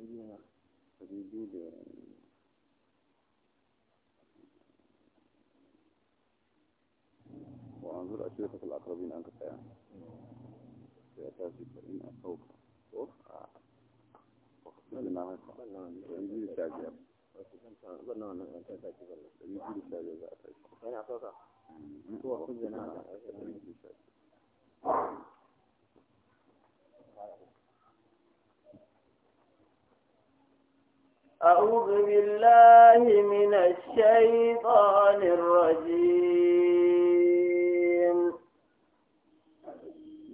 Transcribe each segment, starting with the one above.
أيوة موجودة وأنظر أشرفة الأقربين أنك يعني في أساس الفرين أصوب أوف أنا أعطوك أعوذ بالله من الشيطان الرجيم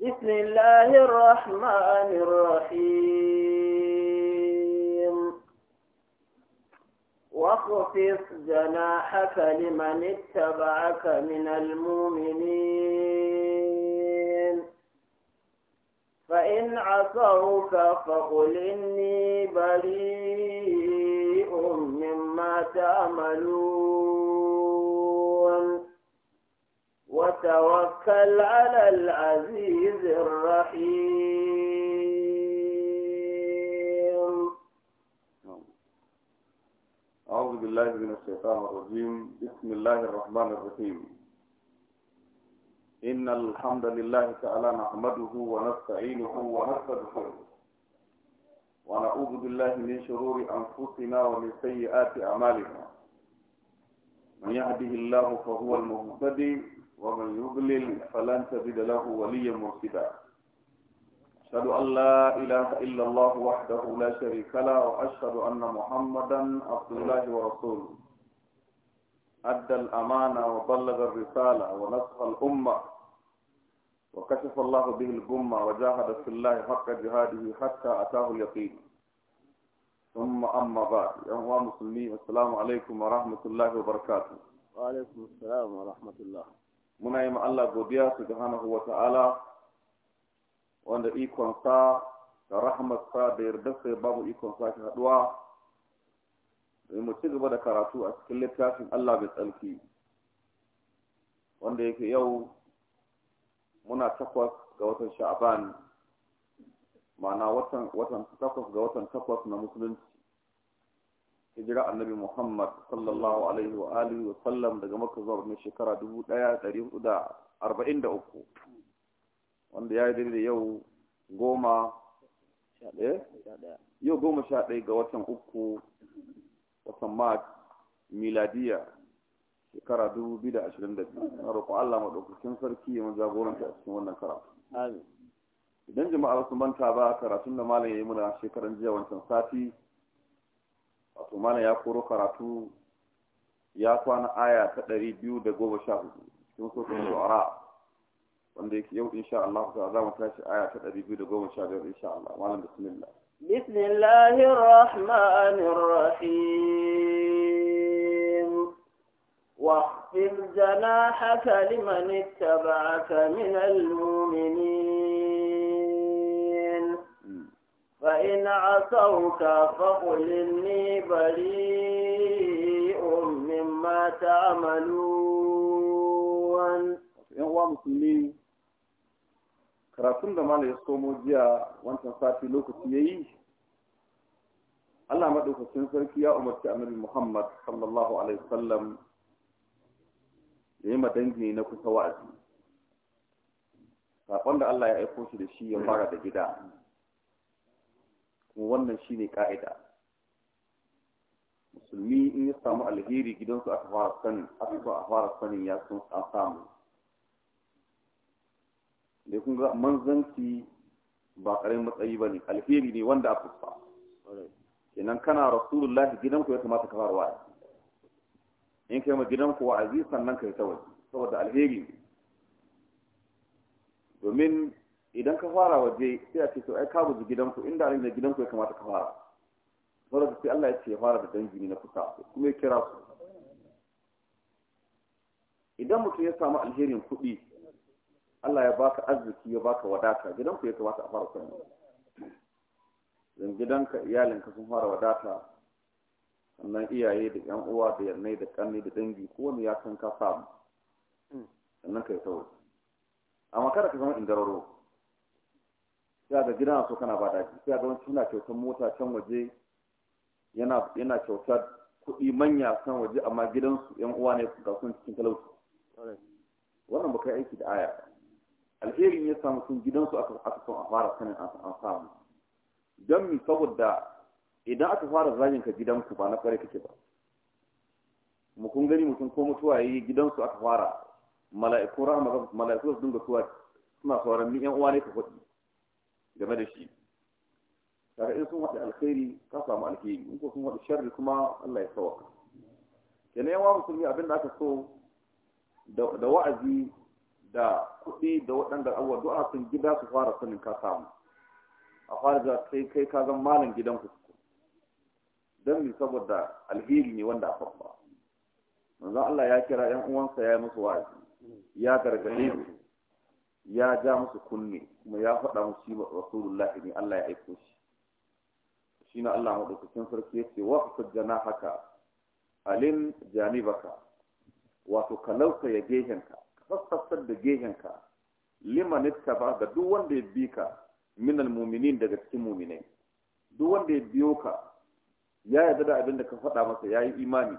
بسم الله الرحمن الرحيم واخفض جناحك لمن اتبعك من المؤمنين فإن عصوك فقل إني بريء مما تعملون وتوكل على العزيز الرحيم أعوذ بالله من الشيطان الرجيم بسم الله الرحمن الرحيم إن الحمد لله تعالى نحمده ونستعينه ونستغفره ونعوذ بالله من شرور أنفسنا ومن سيئات أعمالنا من يهده الله فهو المهتدي ومن يضلل فلن تجد له وليا مرشدا أشهد أن لا إله إلا الله وحده لا شريك له وأشهد أن محمدا عبد الله ورسوله أدى الأمانة وبلغ الرسالة ونصح الأمة وكشف الله به الغمة وجاهد في الله حق جهاده حتى أتاه اليقين ثم أما بعد يا مسلمين السلام عليكم ورحمة الله وبركاته وعليكم السلام ورحمة الله muna yi Allah godiya su subhanahu wa ta'ala wanda ikonsa da rahmatsa da yarda ya babu ikonsa ki haduwa da mu ci gaba da karatu a cikin littafin Allah mai tsarki wanda yake yau muna takwas ga watan sha'aban ma'ana watan takwas ga watan takwas na musulunci hijira annabi muhammad sallallahu alaihi wa alihi wa sallam daga makka zuwa mai shekara 1443 wanda ya yi daidai yau goma eh? yau goma sha ɗaya ga watan uku watan mat miladiya shekara biyu na roƙo Allah maɗaukakin sarki ya jagoranta a cikin wannan karatu idan jama'a ba su manta ba karatun da malam ya yi muna shekaran jiya wancan sati wato malam ya koro karatu ya kwana aya ta ɗari biyu da goma sha 214 cikin sokin shu'ara wanda yake yau insha Allah ta za mu tashi aya ta ɗari biyu da goma 215 insha Allah malam bismillah بسم الله الرحمن الرحيم واخفض جناحك لمن اتبعك من المؤمنين فإن عصوك فقل إني بريء مما تعملون يوم مسلمين karatun da mana ya komo jiya wancan sati lokaci ya yi Allah maɗaukacin sarki ya umarci annabi Muhammad sallallahu alaihi wasallam da yi dangi na kusa wa'azi saƙon da Allah ya aiko shi da shi ya fara da gida kuma wannan shi ne ƙa'ida musulmi in ya samu alheri gidansu a fara sanin asibu a fara sanin ya sun samu da kun ga manzanci ba ƙarin matsayi ba ne alheri ne wanda a fa kenan kana rasulullahi gidanku ya kamata ka fara wa'azi in kai ma gidanku wa'azi sannan kai ta waje saboda alheri domin idan ka fara waje sai a ce to ai ka buji gidanku inda alin da gidanku ya kamata ka fara saboda sai Allah ya ce ya fara da dangi ne na kusa kuma ya kira su idan mutum ya samu alherin kuɗi Allah ya baka arziki ya baka wadata gidanku ya kamata a fara sanin gidanka iyalinka sun fara wadata sannan iyaye da yan uwa da yannai da kanni da dangi kowane ya san ka samu mm. sannan ka yi sauri amma kada ka zama indararo sai ga gidan so kana ba daji sai ga wani suna kyautar mota can waje yana yana kyautar kuɗi manya can waje amma gidansu yan uwa ne ga sun cikin talauci wannan ba kai aiki da aya alherin ya samu sun gidansu aka son a fara sanin an samu don mi saboda idan aka fara zagin ka gidanku ba na kware kake ba mu kun gani mutum ko mutuwa yi gidansu aka fara mala'iku rahama mala'iku su dinga tuwa suna sauran ni yan uwa ne ka faɗi game da shi daga in sun haɗa alkhairi ka samu alkhairi in ko sun haɗa sharri kuma Allah ya sauka kenan yawa musulmi abin da aka so da wa'azi da kuɗi da waɗanda abuwa du'a sun gida su fara sanin ka samu a fara da kai kai ka zan malam gidanku don saboda alheri ne wanda aka ba manzon Allah ya kira ƴan uwansa ya yi musu wa'azi ya gargaɗe su ya ja musu kunne kuma ya faɗa musu shi rasulullah ne Allah ya aiko shi shi na Allah madaukakin sarki yace ce wa sajjana haka alin janibaka wato kalauka ya gehenka ka sassaftar da gehenka liman ba ga duk wanda ya bi ka minal muminin daga cikin muminai duk wanda ya biyo ka ya yarda da abin da ka faɗa masa ya yi imani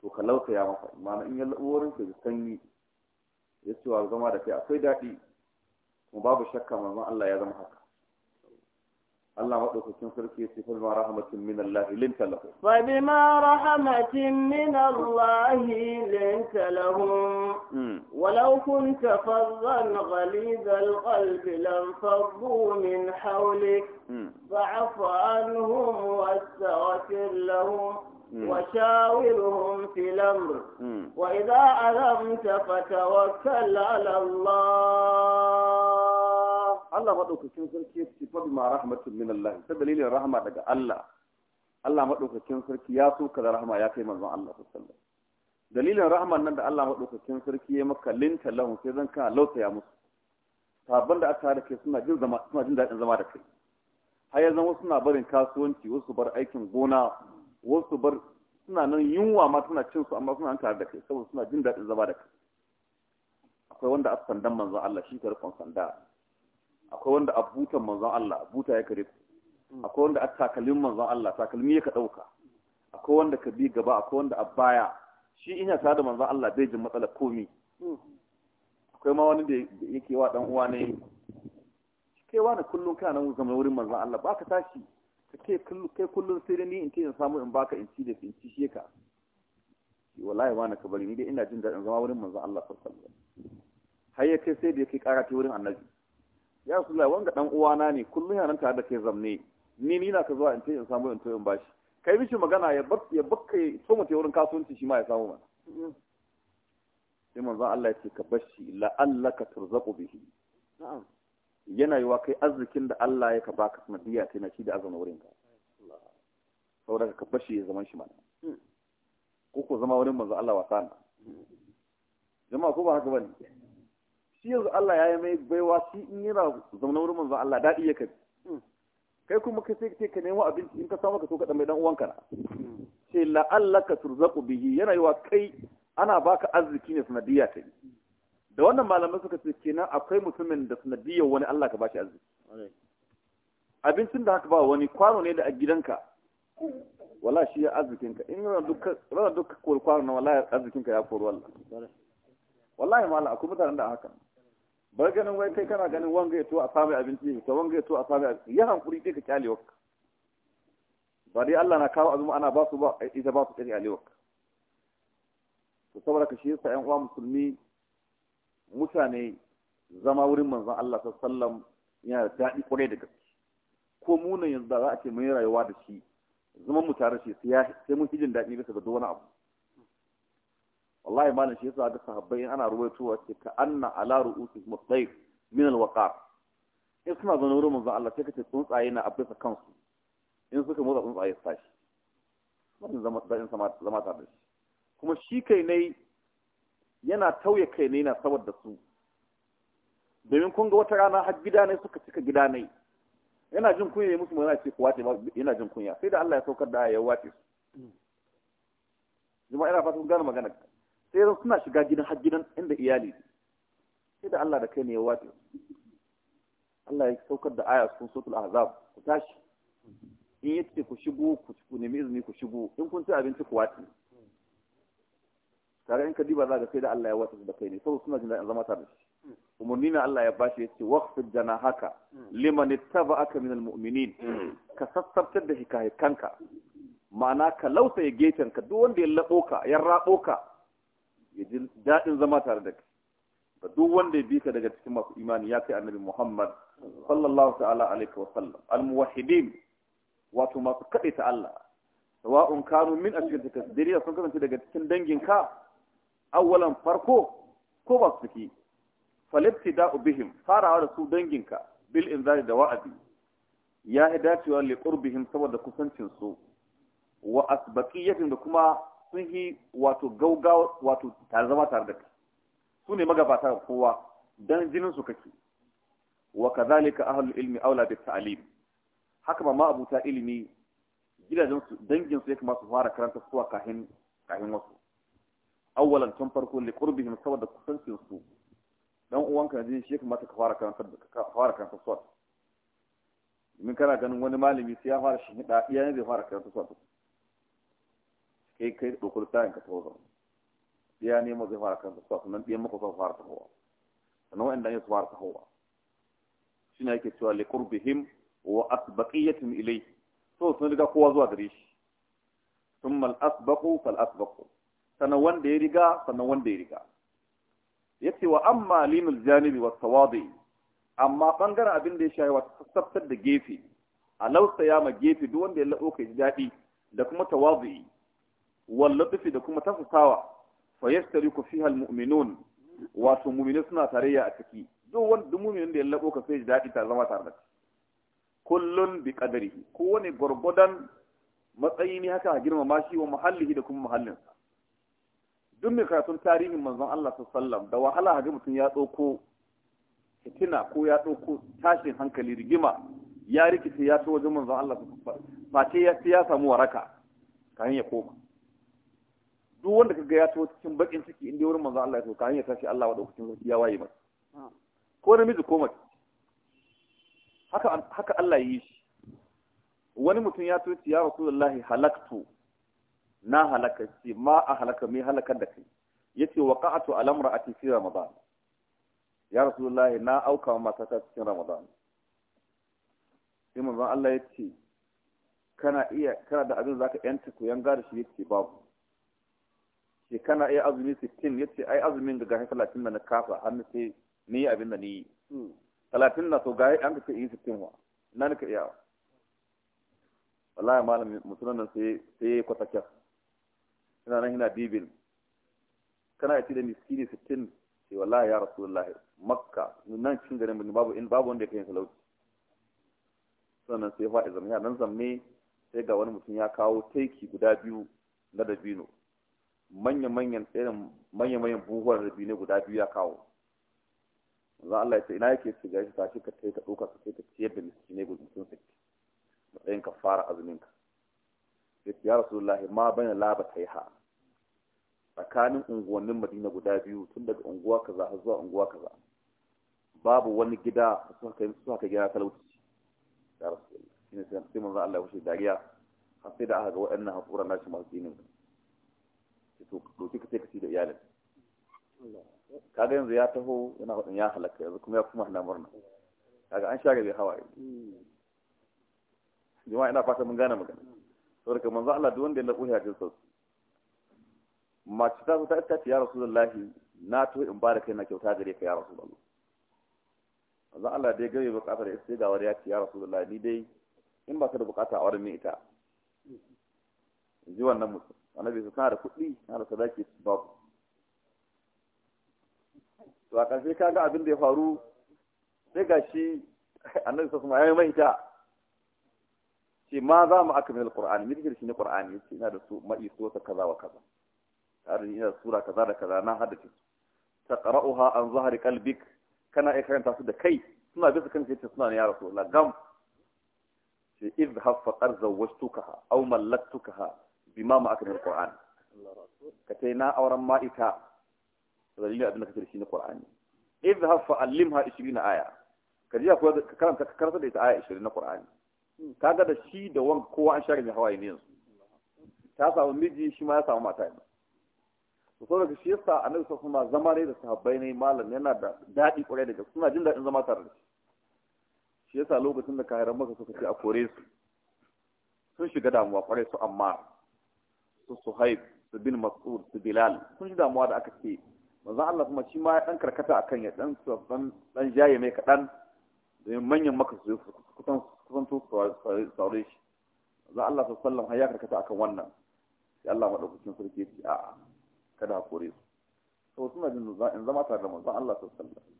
to ka ya masa imani in ya wurin ka sanyi ya ce wa zama da kai akwai daɗi kuma babu shakka mamman Allah ya zama haka الله مدوكين سركي فبما رحمة من الله لنت لهم فبما رحمة من الله لنت لهم ولو كنت فظا غليظ القلب لانفضوا من حولك فاعف عنهم واستغفر لهم وشاورهم في الأمر وإذا ألمت فتوكل على الله Allah maɗaukakin sarki ya ce fa ma rahmatin min Allah ta dalilin rahama daga Allah Allah maɗaukakin sarki ya so ka da rahama ya kai manzon Allah sallallahu dalilin rahman nan da Allah maɗaukakin sarki ya maka linta lahu sai zan lauta ya musu sabon da aka da kai suna jin zama suna jin daɗin zama da kai har ya zama suna barin kasuwanci wasu bar aikin gona wasu bar suna nan yunwa ma suna cin su amma suna tare da kai saboda suna jin daɗin zama da kai akwai wanda aka sandan manzon Allah shi ka rikon sanda akwai wanda a butan manzon Allah buta ya kare ku hmm. akwai wanda a takalmin manzon Allah takalmi ya ka ɗauka akwai wanda ka bi gaba akwai wanda a baya shi ina sa da manzon Allah bai jin matsalar komi hmm. akwai ma wani da yake wa dan uwa ne kai wani kullum kana nan zama wurin manzon Allah baka tashi kullun kai kullum sai ni in ce in samu in baka in ci da in ci shi ka wallahi wani ka bari ni dai ina jin daɗin zama wurin manzon Allah sallallahu alaihi wasallam har ya kai sai da yake karatu wurin annabi ya la wanga dan uwana ne kullum yana tare da kai zamne ni ni na ka zuwa in ce in samu in to in bashi kai mishi magana ya bar ya bakka ya so mutai wurin kasuwanci shi ma ya samu mana mm-hmm. sai manzo Allah ya ce ka bashi la allaka turzaqu bihi na'am yana yiwa kai arzikin da Allah ya ka baka sanadiyya kai na shi da azama wurin ka saboda ka bashi ya zaman shi mana mm. ko ko zama wurin manzo Allah wasa na mm. jama'a ko ba haka bane shi yanzu Allah ya yi mai baiwa shi in yana zaune wurin manzo Allah daɗi ya kai kai kuma kai sai ka nemo abinci in ka samu ka so ka dan mai dan uwanka na sai ka turzaqu bihi yana yiwa kai ana baka arziki ne sanadiyya ta da wannan malamai suka ce kenan akwai mutumin da sanadiyya wani Allah ka bashi arziki abincin da haka ba wani kwano ne da a gidanka wala shi ya arzikinka in rana duka kwano na wala arzikinka ya koru wallah wallahi mala akwai mutanen da haka bar ganin wai kai kana ganin wanga ya to a samu abinci ta wanga ya to a samu abinci ya hankuri sai ka kyale wakka ba dai Allah na kawo azumi ana ba su ba ita ba su kai a wakka to saboda ka shi yasa ƴan uwa musulmi mutane zama wurin manzon Allah sallallahu alaihi wasallam yana da daɗi kwarai da gaske ko mu yanzu da za a ce mun rayuwa da shi zaman mu tare shi sai mun fi jin daɗi bisa ga duk wani abu wallahi malam shi yasa ga sahabbai ana ruwaitowa ce ka anna ala ru'usi musayf min alwaqar in suna zaune wurin manzo Allah sai kace tsuntsaye na abisa kansu in suka motsa tsuntsaye su tashi wannan zama in sama zama ta dace kuma shi kai ne yana tauye kai ne yana saboda su domin kun ga wata rana har gida ne suka cika gida ne yana jin kunya musu mai ce ku wace yana jin kunya sai da Allah ya saukar da ya wace su jama'a ina fatan gane magana sai zan suna shiga gidan har gidan inda iyali sai da Allah da kai ne ya wace Allah ya saukar da aya cikin suratul azab ku tashi in yace ku shigo ku nemi izini ku shigo in kun ci abinci ku wace tare in ka diba za ka sai da Allah ya wata da kai ne saboda suna jin daɗin zama tare da shi umarni ne Allah ya bashi yace waqfid janahaka liman ittaba'aka minal mu'minin ka sassartar da kanka. ma'ana ka lausa ya gefen ka duk wanda ya labo ka ya rabo ka ya ji daɗin zama tare da kai da duk wanda ya bi ka daga cikin masu imani ya kai annabi Muhammad sallallahu ta'ala alaihi wa sallam al-muwahhidin wato masu kaɗai ta Allah sawa'un kanu min a cikin takasdiriya sun kasance daga cikin dangin ka awwalan farko ko ba su ciki falittida'u bihim farawa da su dangin ka bil inzari da wa'azi ya hi dacewa li qurbihim saboda kusancin su wa asbaqiyatin da kuma sun yi wato gaugawa wato tare zama tare da kai su ne magabata kowa dan jinin su kake wa kazalika ahlul ilmi aula bi ta'lim haka ma abuta ilimi gidajen su dangin su ya kamata su fara karanta suwa kahin kahin wasu awwalan tun farko li qurbihim saboda kusancin su dan uwanka ne shi ya kamata ka fara karanta ka fara karanta suwa min kana ganin wani malami sai ya fara shi hida iyayen zai fara karanta suwa kai kai dokar in ka taho zama ɗaya ne mu zai fara kan tafiya sannan ɗaya muka son fara tahowa sannan wa'anda yi su fara tahowa shi ne ake cewa likurbihim wa asbaqiyatin ilai so sun riga kowa zuwa gare shi thumma mal asbaqu fal asbaqu sannan wanda ya riga sannan wanda ya riga yace wa amma limul janibi wat tawadi amma bangaren abin da ya shayi wa tsaftar da gefe a lausa ya ma gefe duk wanda ya labo kai daɗi da kuma tawadi wallatufi da kuma tafasawa fa yashtariku fiha almu'minun wato mu'mini suna tarayya a ciki duk wani duk mu'minin da ya labo ka sai daɗi ta zama tare da kullum kullun bi qadarihi kowane gurgudan matsayi ne haka a girmama shi wa muhallihi da kuma muhallinsa duk mai karatun tarihin manzon Allah sallallahu da wahala a ga mutum ya ɗauko fitina ko ya ɗauko tashin hankali rigima ya rikice ya so wajen manzon Allah sallallahu alaihi wasallam ba sai ya samu waraka kan ya koma duk wanda kaga ya taho cikin bakin ciki inda wurin manzo Allah ya taho kan ya tashi Allah wada sarki ya waye masa ko namiji ko mace haka haka Allah yi shi wani mutum ya taho ya rasulullahi halaktu na halaka ce ma a halaka mai halakar da kai yace waqa'atu ala mar'ati fi ramadan ya rasulullahi na auka wa matata cikin ramadan sai manzo Allah ya ce kana iya kana da abin zaka yanta ku yanga da shi yace babu ce kana iya azumi 60 yace ai azumin ga gashi 30 da na kafa har na ce ni abin da ni yi 30 hmm. na to gashi an ka ce yi 16 wa na nika iya wa wallahi malam mutum nan sai sai kwatakyar ina nan ina bibil kana ya ce da miskini 16 sai wallahi ya rasulullahi makka nan cikin garin mu babu in babu wanda ya kai talauci sannan sai fa'i ya nan zamme sai ga wani mutum ya kawo taiki guda biyu na dabino manya-manyan irin manya-manyan buhuwar rabi ne guda biyu ya kawo za Allah ya ce ina yake shiga shi tashi ka kai ka ɗauka su kai ka ciyar da ne gudun sun sake matsayin ka fara azumin ka ya ce ya rasulullahi ma bane laba ta ha tsakanin unguwannin madina guda biyu tun daga unguwa kaza har zuwa unguwa kaza babu wani gida da suka kai suka kai gida talauci ya rasulullahi shine sai manzo Allah ya wuce dariya har sai da aka ga waɗannan hakuran nashi masu dinin doki ka sai ka ci da iyalin kaga yanzu ya taho yana hudun ya halaka yanzu kuma ya kuma hana murna kaga an sha gabe hawaye jama'a ina fata mun gane magana saboda kamar za Allah duk wanda ya lafu ya jinsa mace ta ta iska ce ya rasulullahi na to in ba da kai na kyauta gare ka ya rasulullahi manzon Allah dai gare bukata da sai da wani ya ce ya rasulullahi ni dai in ba ka da bukata a wurin ita in ji wannan mutum annabi su kana da kuɗi na da sadaki babu to a ƙarshe ka ga abin da ya faru sai ga shi annabi sassu ma ya yi ta ce ma za mu aka mil ƙur'ani mirgir shi ne ƙur'ani ya ce ina da su ma'i ta kaza wa kaza tare da ina da sura kaza da kaza na haddace ta ƙara'uha an zahari kalbik kana iya karanta su da kai suna bisa kan ta suna ne ya rasu la gam ce iz haffa ƙarzan wasu tukaha au mallak tukaha bima ma aka nuna Qur'an ka na auren ma ita dalilin abin da kake shi na Qur'ani idhhab fa allimha 20 aya ka ji akwai ka karanta ka karanta da ita aya 20 na Qur'ani kaga da shi da wan kowa an share mai hawaye ne yanzu ta samu miji shi ma ya samu mata ne to so daga shi yasa annabi sallallahu alaihi zama ne da sahabbai ne malam yana da dadi kwarai da gaske suna jin dadin zama tare da shi shi yasa lokacin da kayan maka suka ce a kore su sun shiga damuwa kwarai su amma su suhaib su bin mas'ud su bilal sun ji damuwa da aka ce manzon Allah kuma shi ma ya dan karkata akan ya dan dan dan jaye mai kadan domin manyan maka su kusan kusan to saure shi manzon Allah sallallahu alaihi ya karkata akan wannan sai Allah madaukakin sarki ya ce a'a kada kore su to suna jin in zama tare da manzon Allah sallallahu alaihi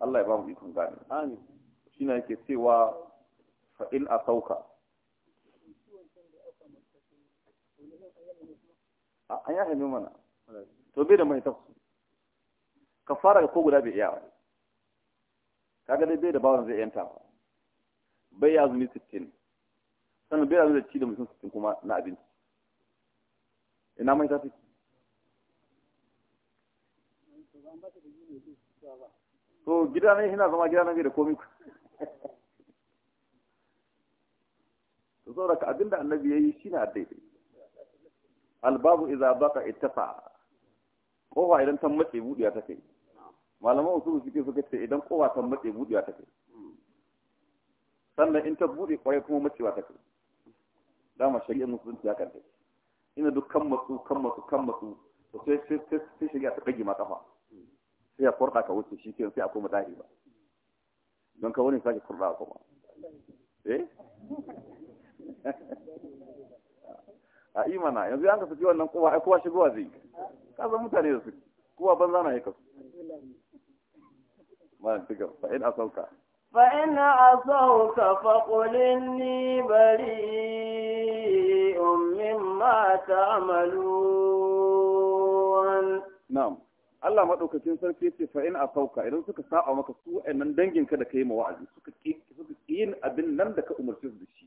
Allah ya ba mu ikon gane amin shine yake cewa fa in asauka an ya haimi mana to bai da mai ta ka fara ko guda bai iya ka dai bai da bawan zai yanta bai ya zumi 60 sannan bai ya da ci da mutum 60 kuma na abinci ina mai tafi to gida ne yana zama gida na bai da komi to saboda ka abinda annabi ya yi shi na daidai albabu iza baka ittafa kowa idan ta matse budiya ta kai malaman usulu suke suka ce idan kowa ta matse budiya ta kai sannan in ta buɗe kwarai kuma matsewa ta kai dama shari'a musulunci ya kanta ina duk kan matsu kan matsu kan matsu to sai sai shari'a ta kage ma kafa sai ya kurda ka wuce shi ke sai a koma dahi ba don ka wani sake kurda ka ba eh a imana yanzu an ka saki wannan kowa ai kowa shigowa zai ka san mutane da su kowa ban zana banza na yaka malam tigar fa in asauka fa in asauka fa qul inni bari'un mimma amalu na'am Allah madaukakin sarki yace fa in asauka idan suka saba maka su dangin ka da kai mawa'azi suka ki suka yin abin nan da ka umarci su da shi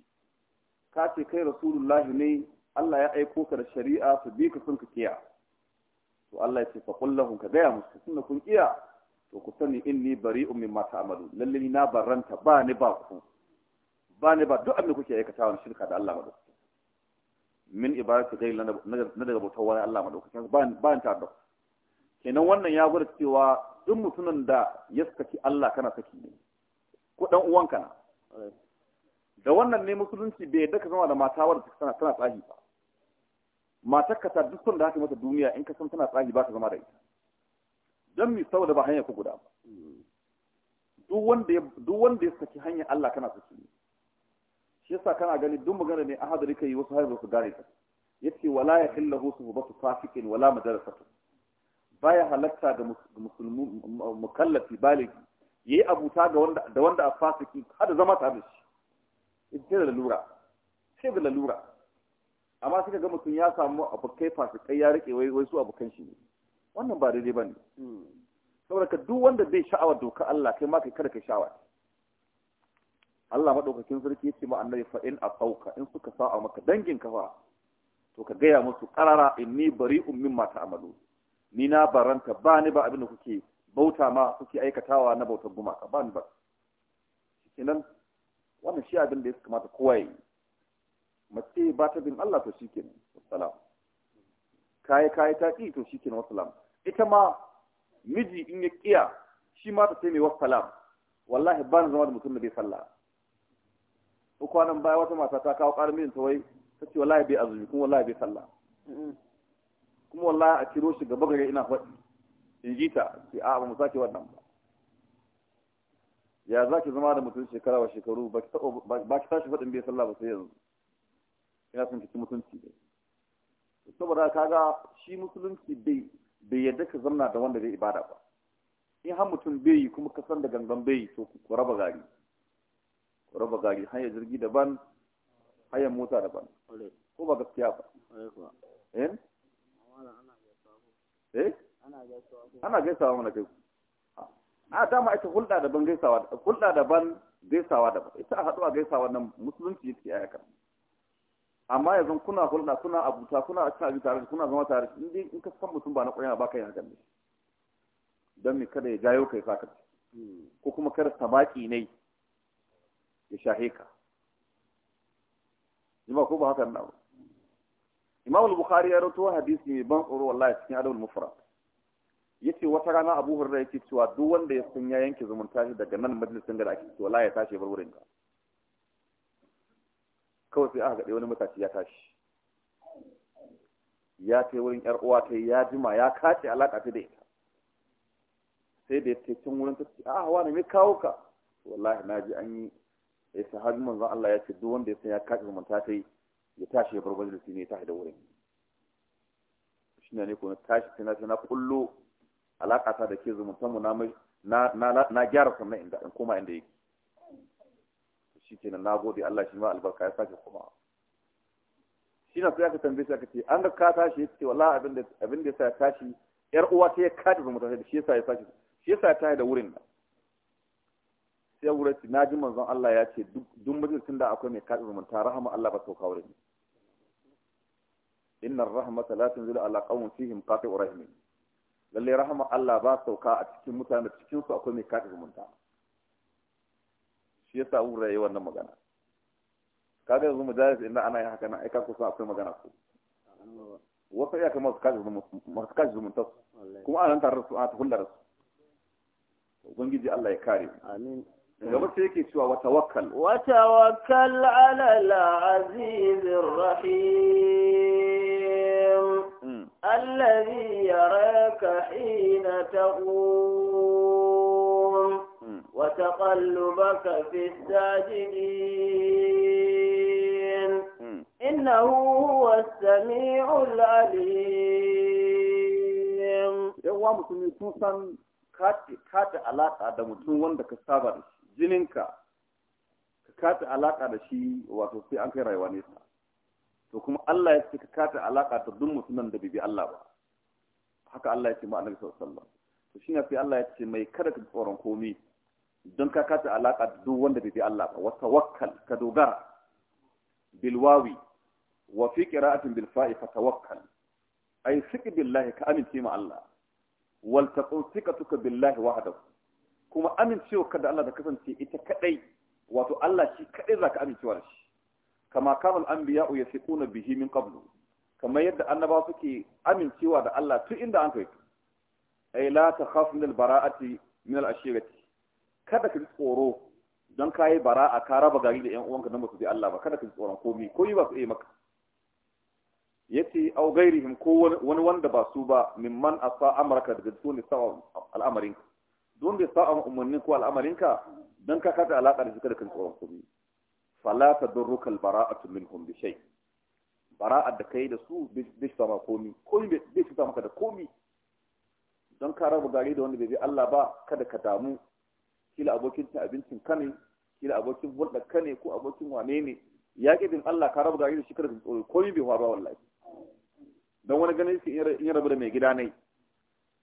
ka ce kai rasulullahi ne Allah ya aiko ka da shari'a su bi ka sun ka kiya to Allah ya ce faƙul lahum ka gaya musu sun kun kiya to ku sani inni bari'un mimma ta'malu lalle ni na barranta ba ni ba ku ba ni ba duk abin kuke aikata wani shirka da Allah madaukaki min ibadati ghayr na daga bautar wani Allah madaukaki ba ba ta da kenan wannan ya gwada cewa duk mutumin da ya saki Allah kana saki ne ko dan uwanka na da wannan ne musulunci bai yadda ka zama da mata wadda tana tana tsahi ba matar ka ta duk son da haka mata duniya in ka san tana tsahi ba ka zama da ita don mi saboda ba hanya ku guda ba duk wanda ya saki hanya Allah kana saki ne shi yasa kana gani duk magana ne ka yi wasu har su gane ta yace wala ya ba su fasiqin wala madrasatu baya halatta ga musulmi mukallafi baligi yayi abuta ga wanda da wanda a fasiki har da zama tare da shi in da lura sai da lura amma suka ga mutum ya samu abokai fasikai ya rike wai wai su abokan shi ne wannan ba daidai bane saboda ka duk wanda bai sha'awar doka Allah kai ma kai kada ka sha'awa Allah madaukakin sarki yace ma annabi fa in afauka in suka sa'a maka dangin kafa fa to ka gaya musu qarara inni bari'un mimma ta'malu ni na baranta ba ni ba abin da kuke bauta ma kuke aikatawa na bautar gumaka ba ni ba kenan wannan shi abin da ya kamata kowa ya yi mace ba ta bin Allah to shi kenan wassalam kai kai ta ki to shi kenan wassalam ita ma miji in ya kiya shi ma ta taimai wassalam wallahi ba na zama da mutum da bai sallah ko kwanan baya wata mata ta kawo ƙarar mijinta wai ta ce wallahi bai azumi kuma wallahi bai sallah kuma wallahi a ciro shi gaba gare ina faɗi in ji ta ce a ba mu sake wannan ba ya za ki zama da mutum shekara wa shekaru ba ki tashi faɗin bai sallah ba sai yanzu yana son cikin mutunci ne saboda kaga shi musulunci bai bai yadda ka zanna da wanda zai ibada ba in har mutum bai yi kuma kasan da gangan bai yi to ku raba gari ku raba gari hanyar jirgi daban hanyar mota daban ko ba gaskiya ba eh eh ana gaisawa mana kai a dama ita hulɗa daban gaisawa hulɗa daban gaisawa daban ita a haɗu a gaisawa nan musulunci yake ayyukan amma yanzu kuna hulɗa kuna abuta kuna cin abin tare kuna zama tare in dai in ka san mutum ba na ƙwarai ba ka yi hakan ne don me kada ya jayo ka sa ka ko kuma kada tabaki ne ya shahe ka jima ko ba hakan na ba imam al-bukhari ya rawaito hadisi mai ban tsoro wallahi cikin adabul mufrad yace wata rana abu ya yake cewa duk wanda ya sun ya yanke zumunta shi daga nan majalisin da ake cewa la ya tashi bar wurin ka kawai sai aka gaɗe wani matashi ya tashi ya ce wurin yar uwa ta ya jima ya kace alaƙa ta da ita sai da ya ce cin wurin ta ce a ah, ne mai kawo ka wallahi na ji an yi ya ce har manzon Allah ya ce duk wanda ya san ya kace zumunta ta yi ya tashi ya bar shi ne ya tashi da wurin shi ne ko na tashi sai na na kullo alaƙa ta da ke zumuntanmu na na na gyara sannan inda in koma inda yake shi ke na gode Allah shi ma albarka ya sake kuma shi na sai aka tambaye shi aka ce an ga ka tashi ya ce wallahi abin da abin da ya tashi yar uwa ta ya kada ba mutane da shi yasa ya sake shi yasa ya tashi da wurin nan sai wurin na naji manzon Allah ya ce duk majalisin da akwai mai kada zumunta rahama Allah ba sauka wurin innar rahmata la tunzilu ala qaumin fihim qati'u rahmin lalle rahama Allah ba sauka a cikin mutane cikin su akwai mai kada zumunta shi yasa wura yi wannan magana kaga yanzu majalis inda ana yin haka na aika sun akwai magana ko wasu iya kamar su kaji zumunta su kuma anan tare su a hullar su ubangiji Allah ya kare amin gaba sai yake cewa "Wata wakal" Wata wakal ala al-aziz ar-rahim hmm. alladhi yaraka hina taqum وتقلبك في الساجدين إنه هو السميع العليم yawa مسلمي sun كاتي كاتي علاقة دم da mutum السابر جننكا saba da shi jininka ka kati alaka da shi wato sai an kai rayuwa nesa to kuma Allah ya ce ka kati alaka ta duk mutumin da bibi Allah ba haka Allah ya ce ma annabi sallallahu alaihi wasallam to shine sai Allah ya ce mai kada ka tsoron komai don ka kasa alaƙa da duk wanda bai bi Allah ba wata wakkal ka dogara bilwawi wa fi qira'atin bil fa'i fa tawakkal ay siki billahi ka amince ma Allah wal taqawtikatuka billahi wahdahu kuma amincewa ka da Allah da kasance ita kadai wato Allah shi kadai zaka amincewa da shi kama kamar anbiya'u yasiquna bihi min qablu Kama yadda annaba suke amincewa da Allah tun inda an kai ai la takhafu min al bara'ati min al ashirati kada ka tsoro don ka yi bara a ka raba gari da yan uwanka don ba su bi Allah ba kada ka tsoron komi ko yi ba su yi maka Ya ce, au gairihim ko wani wanda ba su ba mimman asa Amurka daga su ne sa'a al’amarinka. don bai sa'a umarnin ko al'amarin ka don ka kada alaka da shi kada ka tsoron komi fala a albara'atu minhum shai. Bara a da kai da su bai su sama komi komi bai su sama maka da komi don ka raba gari da wanda bai bi Allah ba kada ka damu kila abokin cin abincin ka ne kila abokin hulɗa ka ne ko abokin wane ne ya bin Allah ka rabu gari da shi kada ka tsoro komai bai faruwa wallahi don wani ganin shi in ya rabu da mai gida ne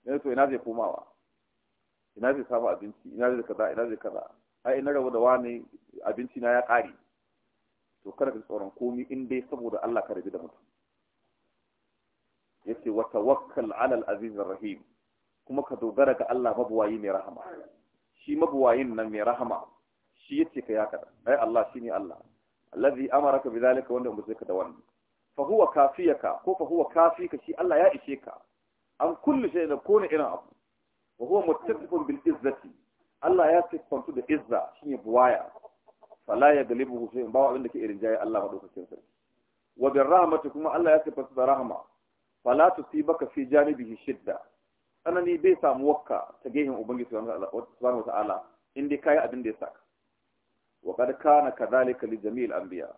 ne so ina zai komawa ina zai samu abinci ina zai kaza ina zai kaza ai ina rabu da wani abinci na ya ƙari? to kada ka tsoron komai in dai saboda Allah ka rabu da mutum yace wa tawakkal ala al-aziz ar-rahim kuma ka dogara ga Allah mabuwayi mai rahama shi mabuwayin nan mai rahama shi ya ce ka ya kada ai Allah shi ne Allah allazi amaraka bidhalika wanda umurce ka da wannan fa huwa kafiyaka ko fa huwa kafika shi Allah ya ishe ka an kullu shay da kone irin abu wa huwa muttasifun bil izzati Allah ya ce sifantu da izza ne buwaya fala ya galibu shay'in ba abin da ke irin jaye Allah madaukakin sarki wa bir rahmati kuma Allah ya ce sifantu da rahma fala tusibaka fi janibihi shidda tsanani bai samu wakka ta gehen ubangiji subhanahu wa Ta'ala dai kai abin da ya saka wa qad kana kadhalika li jami'il anbiya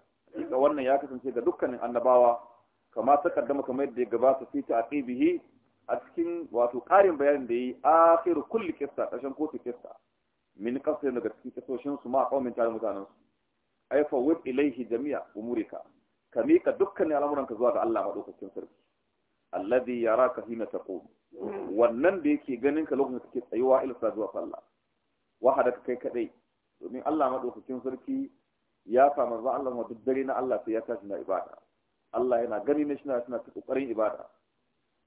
ga wannan ya kasance ga dukkanin annabawa kama ta kaddama kamar yadda ya gabata fi ta'qibihi a cikin wato ƙarin bayanin da yi akhir kulli qissa kashan kotu qissa min qasr daga cikin kasoshin su ma qaumin tare mutanen su ay wa ilayhi jami'a umurika kamika dukkanin al'amuranka zuwa ga Allah madaukakin sarki alladhi yaraka hina taqum wannan da yake ganin ka lokacin suke kake tsayuwa ilsa zuwa sallah wahada ka kai kadai domin Allah madaukakin sarki ya fama manzo Allah wa dare na Allah sai ya tashi na ibada Allah yana gani ne shina suna kokarin ibada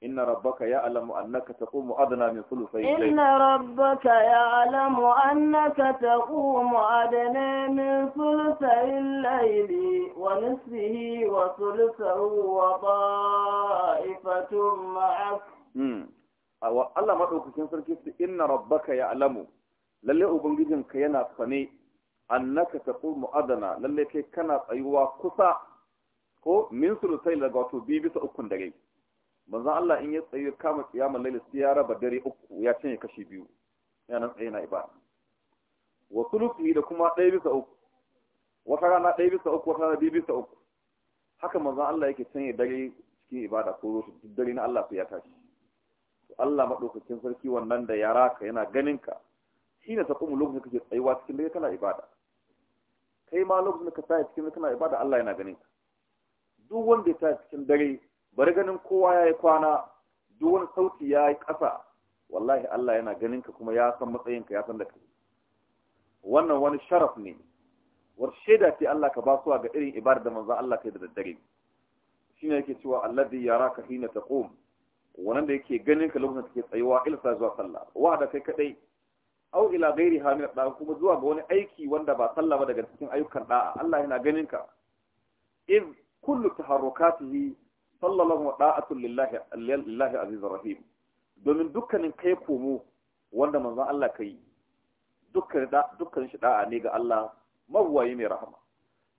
inna rabbaka ya'lamu annaka taqumu adna min thuluthay layl inna rabbaka ya'lamu annaka taqumu adna min thuluthay layl wa nisfihi wa thuluthahu wa ta'ifatun ma'ak hmm. wa Allah madaukakin sarki su inna rabbaka ya'lamu lalle ubangijin ka yana sane annaka taqumu adana lalle kai kana tsayuwa kusa ko min sulusai daga wato bi bisa ukun dare manzo Allah in ya tsaye kama kiyamar laili sai ya raba dare uku ya cinye kashi biyu yana tsaye na ibada wa sulusi da kuma ɗaya bisa uku wata rana ɗaya bisa uku wata rana biyu bisa uku haka manzo Allah yake cinye dare cikin ibada ko dare na Allah sai ya tashi Allah maɗaukakin sarki wannan da ya raka yana ganinka, shi ne tafi mu lokacin kake tsayuwa cikin dare kana ibada kai ma lokacin da ka tsaya cikin dare kana ibada Allah yana ganin ka duk wanda ya tsaya cikin dare bari ganin kowa ya yi kwana duk wani sauti ya yi ƙasa wallahi Allah yana ganin ka kuma ya san matsayinka ya san da kai wannan wani sharaf ne war shaida ce Allah ka ba su ga irin ibada da manzo Allah kai da daddare shine yake cewa alladhi yaraka hina taqum wannan da yake ganin ka lokacin take tsayuwa ilsa zuwa sallah wa da kai kadai au ila gairi min da kuma zuwa ga wani aiki wanda ba sallah ba daga cikin ayyukan da'a Allah yana ganin ka in kullu taharrukatihi sallallahu da'atu lillahi lillahi azizur rahim domin dukkanin kai komo wanda manzon Allah kai dukkan dukkan shi da'a ne ga Allah mawwayi mai rahama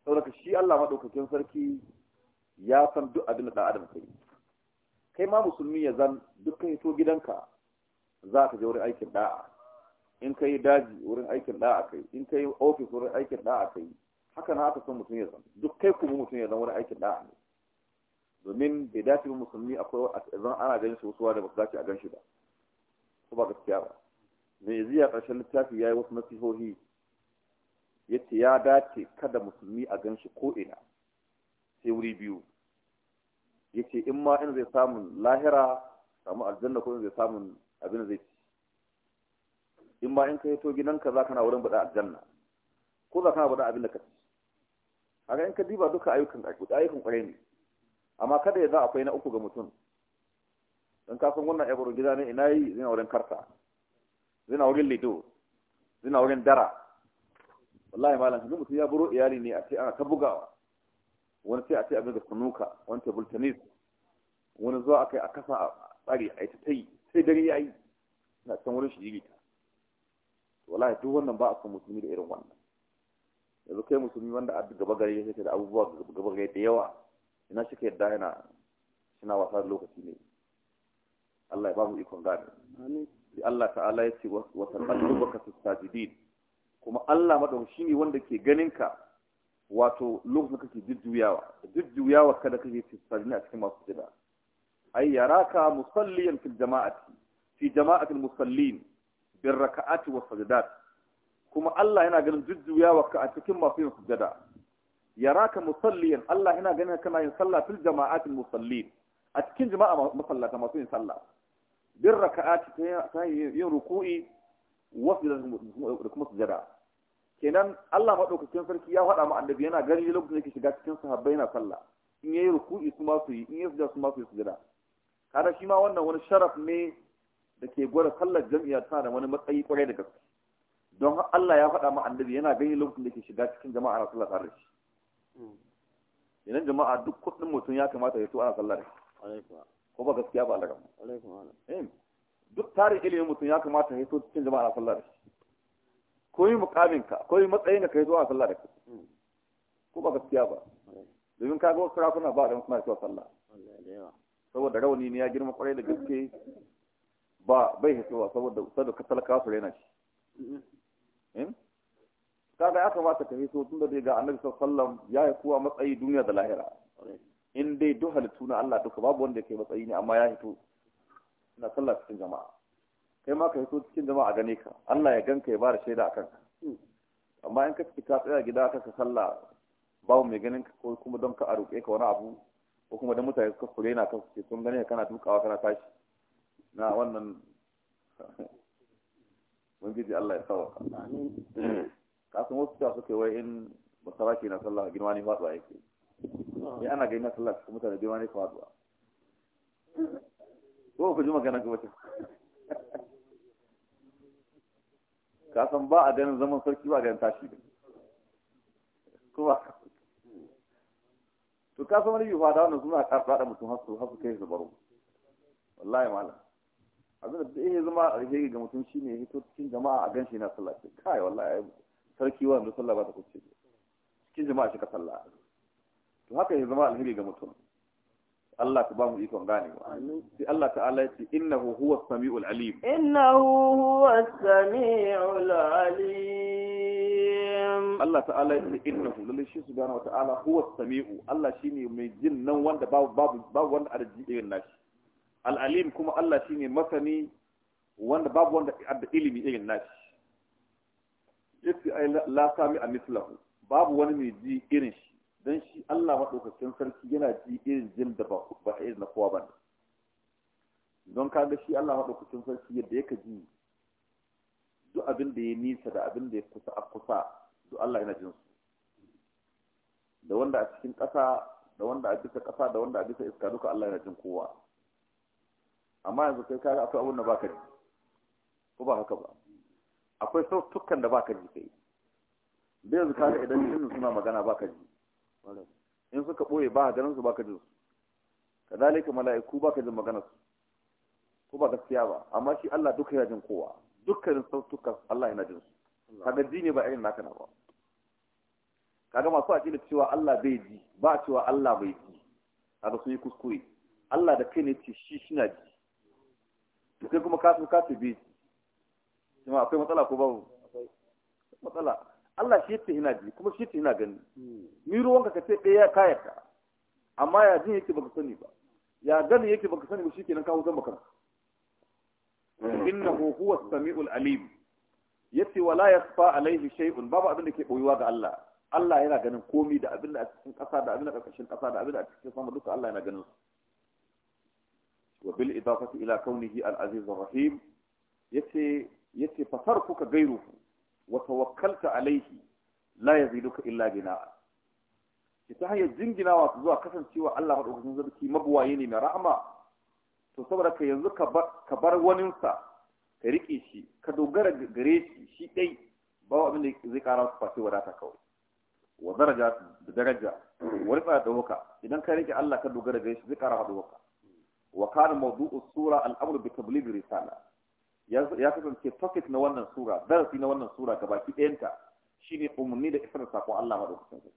saboda shi Allah madaukakin sarki ya san duk abin da adam kai kai ma musulmi ya zan duk kai to gidanka za ka je wurin aikin da'a in ka yi daji wurin aikin da'a kai in ka yi ofis wurin aikin da'a kai haka na haka son mutum ya zan duk kai kuma mutum ya zan wurin aikin da'a ne domin bai dace musulmi akwai zan ana ganin su wasuwa da ba su dace a gan shi ba ko ba gaskiya ba mai ziya karshen littafi ya yi wasu nasihohi ya ce ya dace kada musulmi a gan shi ko ina sai wuri biyu yake in ma in zai samun lahira samu aljanna ko in zai samun abin zai ci in ma in ka to gidanka za kana wurin bada aljanna ko za kana bada abin da ka ci haka in ka diba duka ayyukan ayyukan kwarai ne amma kada ya za akwai na uku ga mutum don ka san wannan ya gida ne ina yi zina wurin karta zina wurin lido zina wurin dara wallahi malam kaga mutum ya buro iyali ne a ce ana ta bugawa wani sai a ce abin da kunuka wani table tennis wani zuwa akai a kasa a tsari a ita ta yi sai dare ya yi na can wurin shi ta wallahi duk wannan ba a san musulmi da irin wannan yanzu kai musulmi wanda a gaba gare ya da abubuwa gaba gare da yawa ina shi ka yadda yana suna wasa da lokaci ne Allah ya ba mu ikon gane Allah ta'ala ya ce wa tarqallu baka fi sajidin kuma Allah madaukakin ne wanda ke ganin ka wato lokacin kake jujjuyawa jujjuyawa kada kake tsari a cikin masu jira ay yaraka musalliyan fil jama'ati fi jama'ati musallin bir raka'ati was sajadat kuma Allah yana ganin jujjuyawa ka a cikin masu yin sujada yaraka musalliyan Allah yana ganin kana yin sallah fil jama'ati musallin a cikin jama'a masallata masu yin sallah bir raka'ati ta yin ruku'i wasu da kuma sujada kenan Allah madaukakin sarki ya faɗa ma annabi yana gari lokacin da yake shiga cikin sahabbai yana sallah in yayi ruku'i kuma su yi in yayi sujada su ma su yi sujada kada shi ma wannan wani sharaf ne da ke gwada sallar jami'a tana da wani matsayi kwarai da gaske don Allah ya faɗa ma annabi yana gani lokacin da ke shiga cikin jama'a na sallar tare shi idan jama'a duk kudin mutum ya kamata ya so ana sallar ko ba gaskiya ba Allah duk tarin ilimin mutum ya kamata ya so cikin jama'a na sallar shi koyi mukaminka koyi matsayin ka zuwa sallah da kai hmm. ko ba gaskiya ba hmm. domin kaga wasu sarakuna ba da wasu na cewa sallah saboda rauni ne ya girma kwarai da gaske ba bai hitowa saboda saboda ka talaka su rena shi hmm. kaga ya kamata ka hito tun da ga annabi Sallam, ya yi kuwa matsayi duniya da lahira in dai duk halittu na Allah duka babu wanda ke matsayi ne amma ya hito na sallah cikin jama'a kai ma ka hito cikin jama'a gane ka Allah ya ganka ya bada shaida a kanka amma in ka ci ka tsaya gida ka sallah babu mai ganin ka ko kuma don ka a roƙe ka wani abu ko kuma don mutane suka kure na ka ce sun gane kana dukawa kana tashi na wannan mun gidi Allah ya sawa ka san wasu ta suke wai in masaraki na sallah gina ne faɗuwa yake ya ana gani na sallah mutane girma ne faɗuwa ko ku ji magana ga wata ka san ba a ganin zaman sarki ba a ganin tashi da kuma to ka san wani yufa da wannan suna karfa da mutum har su kai su baro wallahi malam abin da zai zama a rike ga mutum shine ya hito cikin jama'a a ganshi na sallah ce kai wallahi sarki wannan sallah ba ta kuce cikin jama'a shi ka sallah to haka ya zama alheri ga mutum Allah ta ba mu ikon ganewa. Sai Allah ta'ala ya ce innahu huwa samiul alim. Innahu huwa samiul alim. Allah ta'ala ya ce innahu lalle shi gane wa ta'ala huwa samiu Allah shi ne mai jin nan wanda babu wanda a ji irin nashi. Al kuma Allah shi ne masani wanda babu wanda a da ilimi irin nashi. Yace ai la sami a mislahu babu wani mai ji irin shi. don shi Allah maɗaukakin sarki yana ji irin jin da ba irin na kowa ba don ga shi Allah maɗaukakin sarki yadda yake ji duk abin da ya nisa da abin da ya kusa a kusa duk Allah yana jin su da wanda a cikin ƙasa da wanda a bisa ƙasa da wanda a bisa iska duka Allah yana jin kowa amma yanzu kai ga akwai abin da ba ka ji ko ba haka ba akwai sautukan da ba ka ji kai da yanzu kaga idan jinin suna magana ka ji in suka ɓoye ba ganin su ba ka jin su kadalika mala'iku ba ka jin maganar su ko ba gaskiya ba amma shi Allah duka yana jin kowa dukkanin sautuka Allah yana jin su kaga ji ne ba irin naka na ba kaga masu aqida cewa Allah bai ji ba cewa Allah bai ji kaga sun yi kuskure Allah da kai ne ce shi shina ji to kuma ka so ka ce bi. kuma akwai matsala ko babu matsala Allah shi ta ina ji kuma shi ta ina gani hmm. ni ruwanka ka ce ɗaya kayata amma ya jin yake baka sani ba ya gani yake baka sani ba kenan kawo zan baka innahu huwa as-sami'ul alim yati wala yasfa alayhi shay'un babu abin da ke boyuwa ga Allah Allah yana ganin komai da abin da a cikin ƙasa da abin da ƙarƙashin ƙasa da abin da a cikin sama duka Allah yana ganin su wa bil idafati ila kaunihi al aziz ar rahim yace fasar kuka gairu wa tawakkalta alaihi la yaziduka illa bina'a ki ta hanyar jinginawa su zuwa kasancewa Allah madaukakin sarki mabuwaye ne mai rahama to saboda ka yanzu ka bar waninsa ka riƙe shi ka dogara gare shi shi dai ba abin da zai ƙara wasu face wadata kawai wa daraja da daraja wani tsaya da wuka idan ka rike Allah ka dogara gare shi zai ƙara haɗu wuka wa kana mawdu'us sura al-amru bi tabligh risala ya kasance pocket na wannan sura darasi na wannan sura ga baki ɗayanta shine umarni da isar sakon Allah madaukakin sarki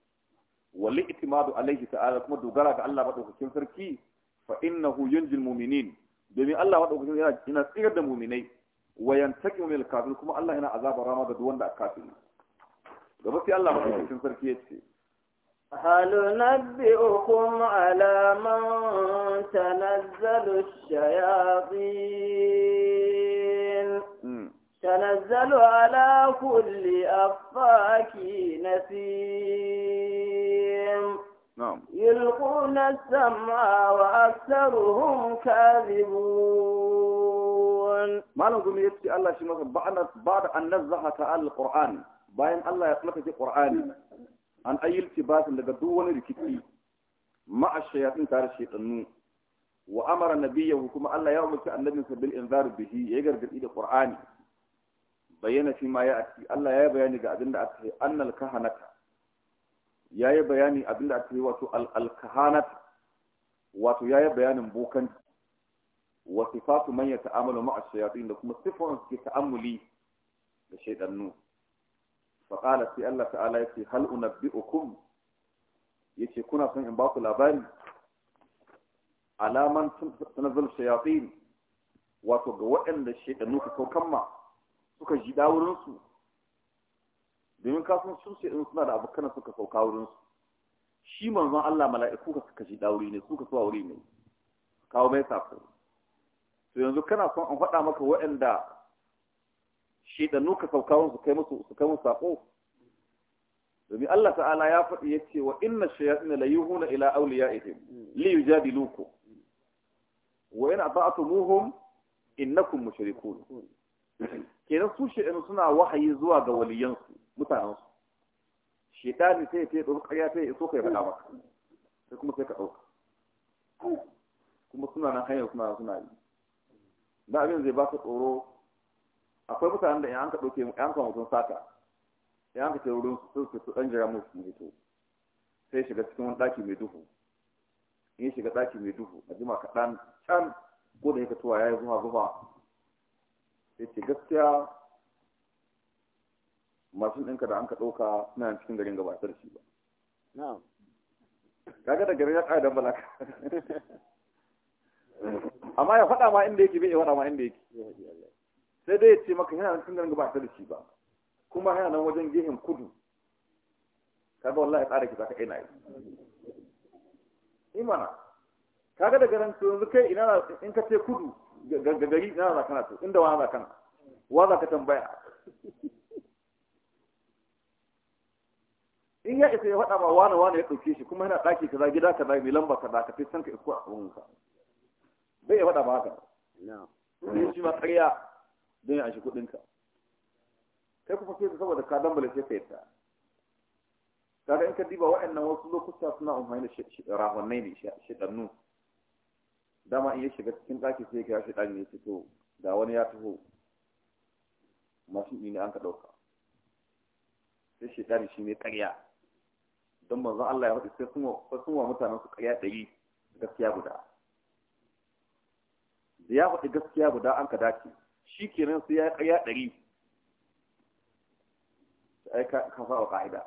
wali itimadu alaihi ta'ala kuma dogara ga Allah madaukakin sarki fa innahu yunjil mu'minin domin Allah madaukakin yana yana tsirar da mu'minai wa yantaqimu min kafir kuma Allah yana azaba rama da duwanda a kafiri gaba sai Allah madaukakin sarki ya ce هل نبئكم على من تنزل الشياطين تنزل على كل أفاك نسيم نعم يلقون السمع وأكثرهم كاذبون ما لهم يبكي الله شنو بعد بعد أن نزه تعالى القرآن باين الله يطلق في القرآن أن أي التباس لقدون الكتب مع الشياطين تارى الشيطان وأمر نبيه وكما الله يأمر النبي بالإنذار به يقرب إلى القرآن bayyana shi ma ya ati Allah ya yi bayani ga abin da aka yi annal kahanata ya yi bayani abin da aka yi wato al-kahanata wato ya yi bayanin bokan wa sifatu man yata'amalu ma'a shayatin da kuma sifan ke ta'amuli da shaidannu. fa qala sai Allah ta'ala yace hal unabbi'ukum yace kuna son in ba ku labari alaman tunazzal shayatin wato ga waɗanda shaidannu ka saukan ma suka ji wurinsu domin kasan sun ce in suna da abokan suka sauka wurinsu shi manzon Allah mala'iku ka suka ji wuri ne suka suwa wuri ne kawo mai sako to yanzu kana son an faɗa maka waɗanda shaidannu ka sauka wurinsu kai musu su kai musu sako domin Allah ta'ala ya faɗi ya ce wa inna shayatin la yuhuna ila awliyaihim li yujadilukum wa in ata'tumuhum innakum mushrikun kenan su shi'in suna wahayi zuwa ga waliyansu mutanensu shaitani sai ya ce ɗauki ƙarya sai ya so ka yi faɗa maka sai kuma sai ka ɗauka kuma suna nan hanyar suna suna yi da abin zai baka tsoro akwai mutanen da in an ka ɗauke mu an ka mutum sata in an ka ce wurin su su ɗan jira musu su hito sai shiga cikin wani ɗaki mai duhu in shiga ɗaki mai duhu a jima kaɗan can ko da ya ka tuwa ya yi zuwa zuwa yake gaskiya masu ɗinka da an ka ɗauka suna cikin garin gaba da shi ba kaga da garin ya ƙaya don balaka amma ya faɗa ma inda yake bai faɗa ma inda yake sai dai ya ce maka yana cikin garin gaba da shi ba kuma yana nan wajen gehen kudu kaga wallahi tsara ki zaka ina yi imana kaga da garin to yanzu kai ina in ka ce kudu gari ina za kana to inda wani za kana wa za ka tambaya in ya isa ya faɗa ma wani wani ya ɗauke shi kuma yana ɗaki kaza gida kaza mai lamba kaza ka fi san ka iko a ka bai ya faɗa ma haka sai shi ma ƙarya don ya anshi kuɗinka kai kuma sai saboda ka dambala sai ka yadda kaga in ka diba wa'annan wasu lokuta suna amfani da rahonnai ne ɗannu dama in ya shiga cikin ɗaki sai ya kira shi ɗani ne ce to ga wani ya taho masu ni ne an ka ɗauka sai shi ɗari shi ne ƙarya don manzon Allah ya faɗi sai sun wa mutanen su ƙarya ɗari gaskiya guda da ya faɗi gaskiya guda an ka dace shi kenan sai ya yi ƙarya ɗari ai ka fa wa ƙa'ida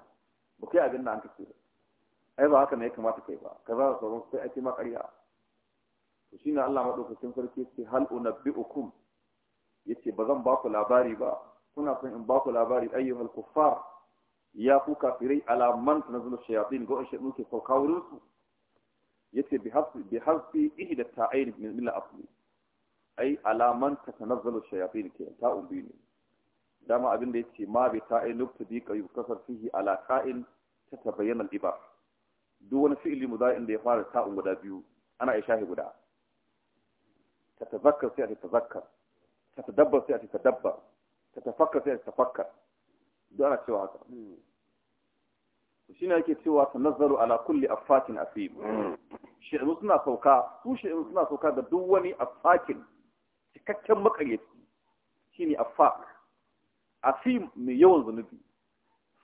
ba kai abin da an ka ce ai ba haka ne ya kamata kai ba ka za ka sauran sai ake ma ƙarya to shine Allah madaukakin sarki yace hal unabbiukum yace ba zan ba ku labari ba kuna son in ba ku labari ayyuhal kuffar ya ku kafirai alaman na zuna shayatin ga shi nuke sauka wurin su yace bi hafi bi hafi ihda ta'ayn min illa asli ai alaman tatanazzalu shayatin ke ta umbini dama abin da yace ma bi ta'ayn nuktabi ka yukasar fihi ala ta'in tatabayyana al-iba duk wani fi'li mudari'in da ya fara ta'un guda biyu ana ishahi guda تتذكر فيها تتذكر تتدبر فيها تتدبر تتفكر فيها تتفكر دعنا تشوى هذا shi ne yake cewa ta nazaru ala kulli afakin afim shi'inu suna sauka su shi'inu suna sauka da duk wani afakin cikakken makaryaci shine afak afim mai yawan zunubi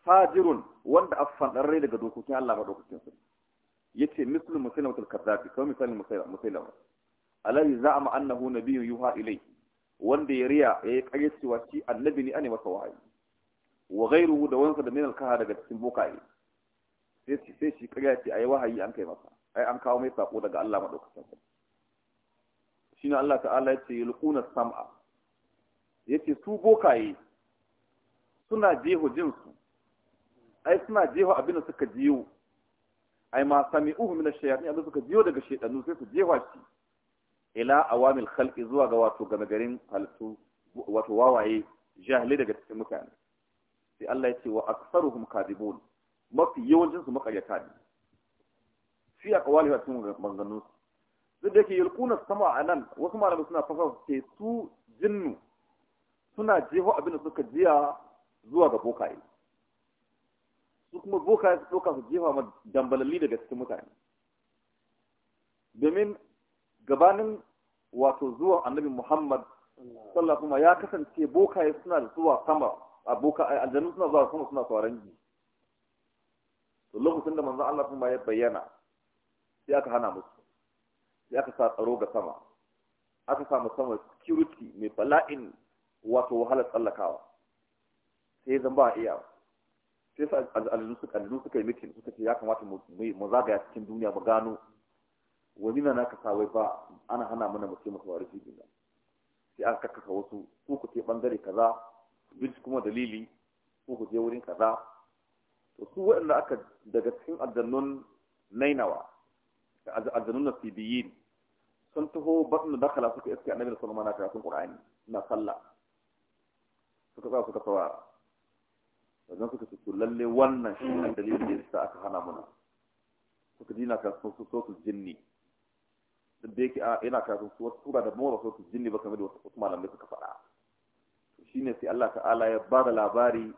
fajirun wanda afan darre daga dokokin Allah madaukakin sa yace mislu musailamatul kadzabi kamar misalin musailama alladhi za'ama annahu nabiyyun yuha ilayhi wanda ya riya yi kage cewa shi annabi ne ane masa wahayi wa ghayruhu da wansa da min alkaha daga cikin bokaye sai sai shi kage ce ayi wahayi an kai masa ai an kawo mai sako daga Allah madaukakin sarki shine Allah ta'ala ya ce yulquna sam'a yace su bokaye suna jeho jinsu ai suna jeho abin da suka jiyo ai ma sami'uhu min ash-shayatin abin suka jiyo daga shaytanu sai su jeho shi ila awamil khalqi zuwa ga wato game garin halittu wato wawaye jahili daga cikin mutane sai Allah ya ce wa aktsaruhum kadibun mafi yawancin su makayyata ne fi aqwali wa cikin maganganun su duk da yake yulquna sama anan wasu malamai suna fasara ce su jinnu suna jeho abin da suka jiya zuwa ga bokaye su kuma bokaye su ɗauka su jefa ma dambalalli daga cikin mutane domin gabanin wato zuwan annabi Muhammad sallallahu alaihi ya kasance bokaye suna zuwa sama a boka aljannu suna zuwa sama suna tsoron ji to lokacin da manzo Allah kuma ya bayyana sai aka hana musu sai aka sa tsaro ga sama aka samu sama security mai bala'in wato wahala tsallakawa sai zan ba iya sai su aljannu suka yi mitin suka ce ya kamata mu zagaya cikin duniya mu gano wani na naka sa wai ba ana hana mana mu ce maka wari shi gina sai an kakkasa wasu ko ku ce bangare kaza bin kuma dalili ko ku je wurin kaza to su waɗanda aka daga cikin addannun nainawa addannun nasibiyin sun taho batun da dakala suka iske annabi da sallama na karatun qur'ani na sallah suka tsaya suka tsawara wajen suka ce lalle wannan shi ne dalilin da ya yasa aka hana muna suka dina ka sun so su jinni duk da yake yana karatun su wasu tura da mawar wasu jinni ba kamar da wasu malamai suka faɗa shi ne sai Allah ta'ala ya ba da labari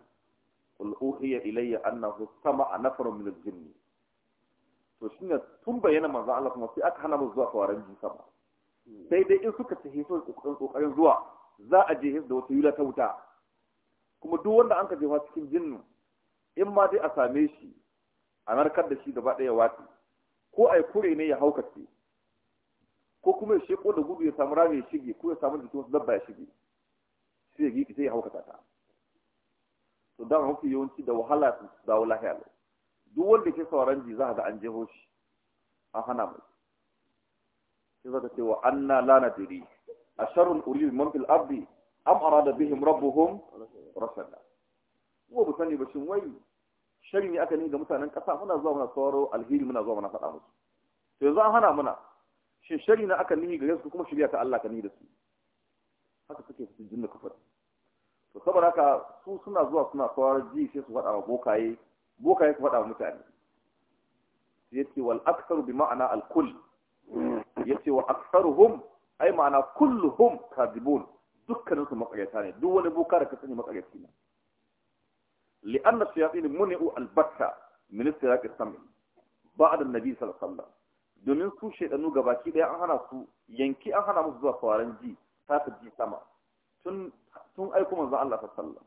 qul uhiya ilayya annahu sama nafarun min al-jinni to shi ne tun bayyana manzo Allah kuma sai aka hana mu zuwa kawaran jin sama sai dai in suka tafi so kokarin kokarin zuwa za a je da wata yula ta wuta kuma duk wanda an ka jefa cikin jinnu in ma dai a same shi a narkar da shi gaba ɗaya wati ko ai kure ne ya haukace ko kuma ya sheko da gudu ya samu rami ya shige ko ya samu jiki wasu dabba ya shige sai ya giki sai ya haukata ta to dan mafi yawanci da wahala su dawo lahiya lau duk wanda ke sauran ji za ga an je shi an hana mai sai zaka ce wa anna la a sharun uril man fil Abdi, am arada bihim rabbuhum rasada ko ba sani ba shin wai shari ne aka ne ga mutanen kasa muna zuwa muna sauraro alheri muna zuwa muna faɗa musu Sai za an hana muna shin shari na aka nihi gare su kuma shari'a ta Allah ka nihi da su haka suke su jinna kafar to saboda haka su suna zuwa suna sauraron ji sai su faɗa wa bokaye bokaye su faɗa wa mutane yace wal aktsaru bi ma'ana al kull yace wa aktsaruhum ai ma'ana kulluhum kadibun dukkanin su makaryata ne duk wani boka da ka sani makaryaci ne li'anna shayatin muni'u albatta min istiraqi sam'i ba'da an-nabi sallallahu alaihi wasallam domin su shaidanu ga daya an hana su yanki an hana musu zuwa sauran ji ta ta ji sama tun tun aiko manzo Allah ta sallam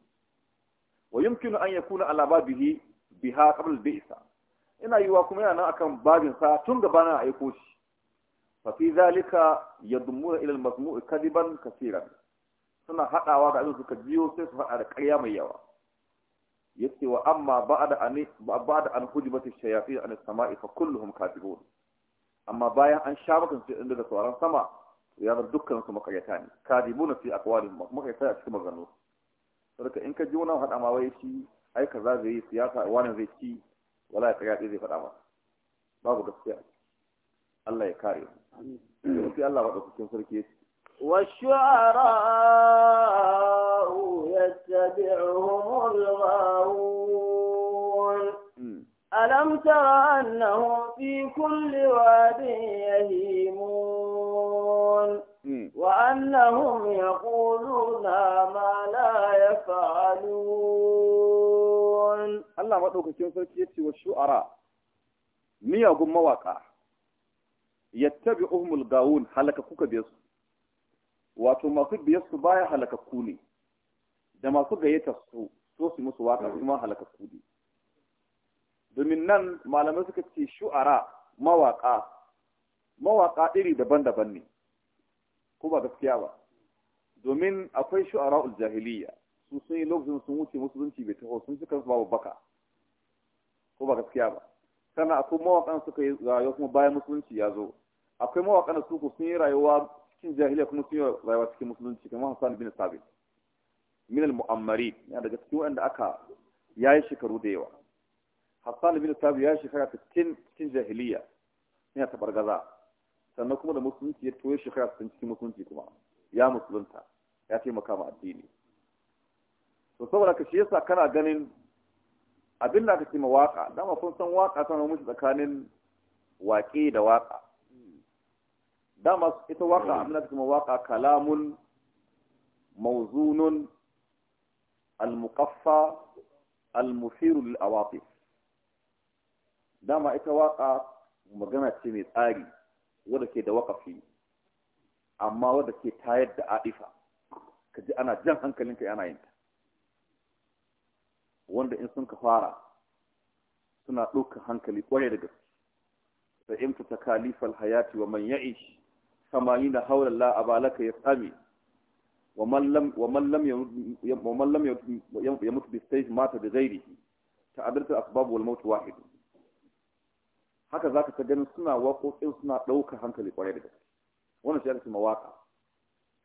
wa yumkinu an yakuna ala babihi biha qabl bai bisa ina yiwa kuma yana nan akan babin sa tun gaba na aiko shi fa fi zalika yadmu ila al-masmu'i kadiban kaseeran suna hadawa da abin suka jiyo sai su fada da ƙarya mai yawa yace wa amma ba'da an ba'da an hujibati shayatin an samai fa kulluhum kadibun amma bayan an sha bakan sai inda da sauran sama ya zama dukkan su makayata ne kadibuna fi aqwalihim makayata a cikin maganganu saboda in ka ji wani hada ma wai shi ai kaza zai yi siyasa wani zai ci wala ya tsaya zai faɗa masa babu gaskiya Allah ya kare mu sai Allah wada cikin sarki yace والشعراء al الغاوون ألم تر أنهم في كل واد يهيمون وأنهم يقولون ما لا يفعلون الله ما دوك كين سركي والشعراء miyagun mawaƙa yattabi uhumul gawun halakakku ka biya su wato masu biyar su baya halakakku ne da masu gayyata su so su musu waka kuma halakakku ne domin nan malamai suka ce shu'ara mawaka mawaka iri daban-daban ne ko ba gaskiya ba domin akwai shu'ara jahiliya su sun yi lokacin sun wuce musulunci bai taho sun suka babu baka ko ba gaskiya ba sannan akwai mawakan suka yi rayuwa kuma bayan musulunci ya zo akwai mawakan da su sun yi rayuwa cikin jahiliya kuma sun yi rayuwa cikin musulunci kamar Hassan bin Sabit min al-mu'ammari yana daga cikin wanda aka yayi shekaru da yawa hassan bin sabi ya shekara 60 cikin jahiliya yana tabargaza sannan kuma da musulunci ya toye shekara 60 cikin musulunci kuma ya musulunta ya taimaka ma addini to saboda ka shi yasa kana ganin abin da aka ce ma waka dama kun san waka tana mushi tsakanin waƙe da waka dama ita waka abin da aka ce ma waka kalamun mawzunun al-muqaffa al-musiru lil-awatif dama ita waka magana ce mai tsari wadda ke da wakafi amma wadda ke tayar da adifa ka ji ana jan hankalinka yana ta wanda in sun ka fara suna ɗaukar hankali ƙwarai daga gaske da in ta kalifar hayati wa man ya'ish samani na haular la'aba laka ya tsami wa mallam ya mutu bi stage mata da zairihi ta adarta asbabu wal wahidu haka za ka ta ganin suna waƙoƙin suna ɗaukar hankali ƙwarai da gaske wannan shi aka ce mawaƙa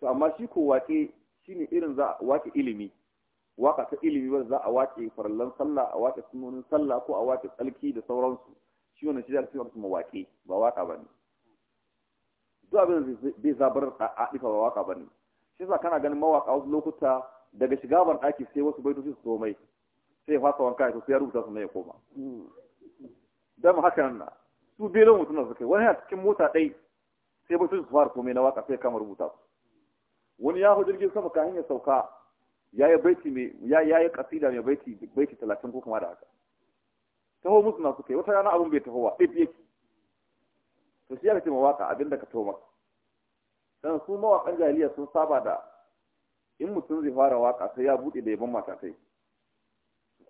to amma shi ko waƙe shine irin za a waƙe ilimi waƙa ta ilimi wanda za a waƙe farallan sallah a waƙe sunonin sallah ko a waƙe tsalki da sauransu shi wannan shi aka ce aka mawaƙe ba waƙa ba ne duk abin bai zabar a ɗifa ba waƙa ba ne shi yasa kana ganin mawaƙa wasu lokuta daga shiga ban ɗaki sai wasu baitoci su so mai sai ya fasa wanka ya so sai ya rubuta su ne ya koma hmm. dama haka nan su belon mutum da suka yi wani a cikin mota ɗai sai ba su fara komai na waka sai kama rubuta su wani ya jirgin sama kahin ya sauka ya yi baiti mai ya ya yi kasida mai baiti baiti talatin ko kuma da haka taho musu na suka yi wata rana abin bai taho ba ɗai yake to shi ya ce mawaka abinda ka taho maka dan su mawakan jahiliya sun saba da in mutum zai fara waka sai ya buɗe da yaban matakai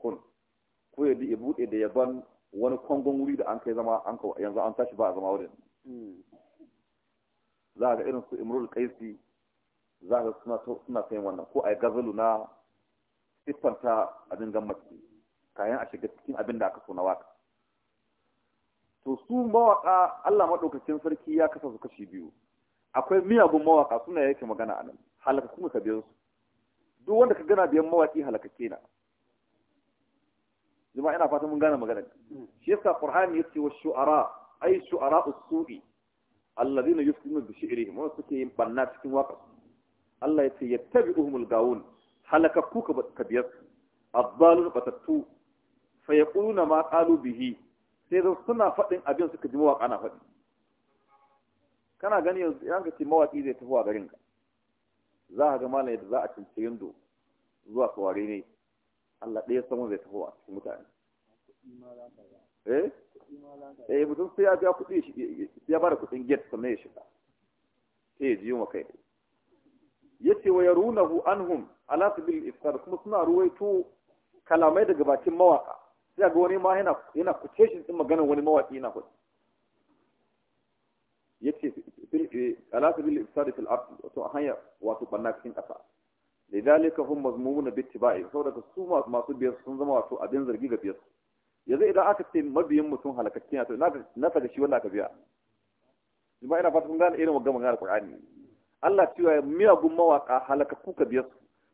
kun ko ya buɗe da yaban wani kwangon wuri da an kai zama an yanzu an tashi ba a zama wurin hmm. za ga irin su imrul kaisi za ga suna suna sayin wannan ko a yi gazalu na siffanta abin gammaci kayan a shiga cikin abin da aka so na waka to su mawaka Allah maɗaukacin sarki ya kasa su kashi biyu akwai miyagun mawaka suna yake magana a nan halaka kuma ka su duk wanda ka gana biyan mawaki halakake na jama'a ina fatan mun gane magana shi yasa qur'ani yace wa shu'ara ay shu'ara as-su'i alladhina yufsiduna bi shi'rihim wa suke yin banna cikin waka Allah yace yattabi'uhumul gawun halakakku ka biyar abdalun batattu fa yaquluna ma qalu bihi sai suna fadin abin suka ji mawaƙa na fadi kana gani yanzu idan ka ce mawaki zai tafi a garin ka za ka ga malam yadda za a cincirin do zuwa saurare ne Allah ɗaya sama zai taho a cikin mutane eh eh mutum sai ya biya kuɗi shi ya bada kuɗin get sannan ya shiga sai ya ji wa kai yace wa yarunahu anhum ala bil iftar kuma suna ruwaito kalamai daga bakin mawaƙa sai ga wani ma yana yana shi din maganar wani mawaƙi yana kuɗi yace ala bil iftar fil ard wato hanyar wato ɓanna cikin ƙasa lidalika hum mazmumuna bi ittiba'i saboda su masu biyar sun zama wato abin zargi ga biyar yanzu idan aka ce mabiyin mutum halakacce na to na ta shi wallahi ka biya kuma ina fata kun gane irin wannan magana Qur'ani Allah cewa miyagun mawaka halakaku ka biyar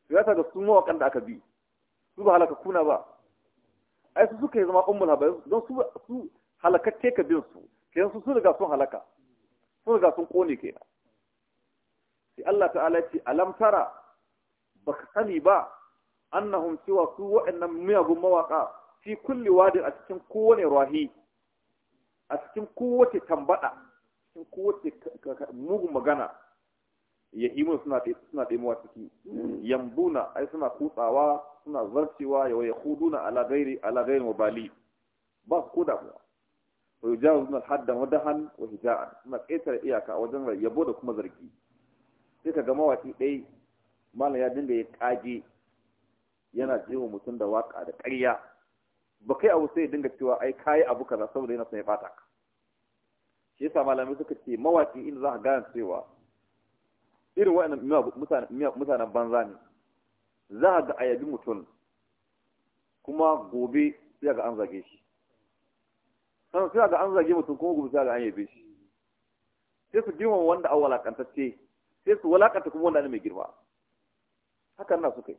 su ya ta su mawakan da aka bi su ba halakaku na ba ai su suka yi zama ummul habai don su su halakacce ka biyar su kenan su sun riga sun halaka sun riga sun kone kenan sai Allah ta'ala ya ce alam tara baka sani ba annahum cewa su waɗannan miyagun mawaƙa fi kulli wadin a cikin kowane rahi a cikin kowace A cikin kowace mugun magana ya imun suna suna ɗaimuwa ciki yambuna ai suna kutsawa suna zarcewa ya waya huduna ala gairi ala gairi mubali ba su koda kuwa wa yujawizuna haddan wa dahan wa hija'an suna ƙetare iyaka wajen yabo da kuma zargi sai ka ga mawaki ɗaya malam ya dinga ya kage yana cewa mutum da waka da ƙarya ba kai abu sai ya dinga cewa ai kayi abu kaza saboda yana son ya fata ka shi yasa malamai suka ce mawaki in za ka gane cewa irin waɗannan mutanen banza ne za a ga ayabi mutum kuma gobe sai ga an zage shi sannan sai ga an zage mutum kuma gobe sai ga an yabe shi sai su girma wanda an walakantacce sai su walakanta kuma wanda ne mai girma hakan na suka yi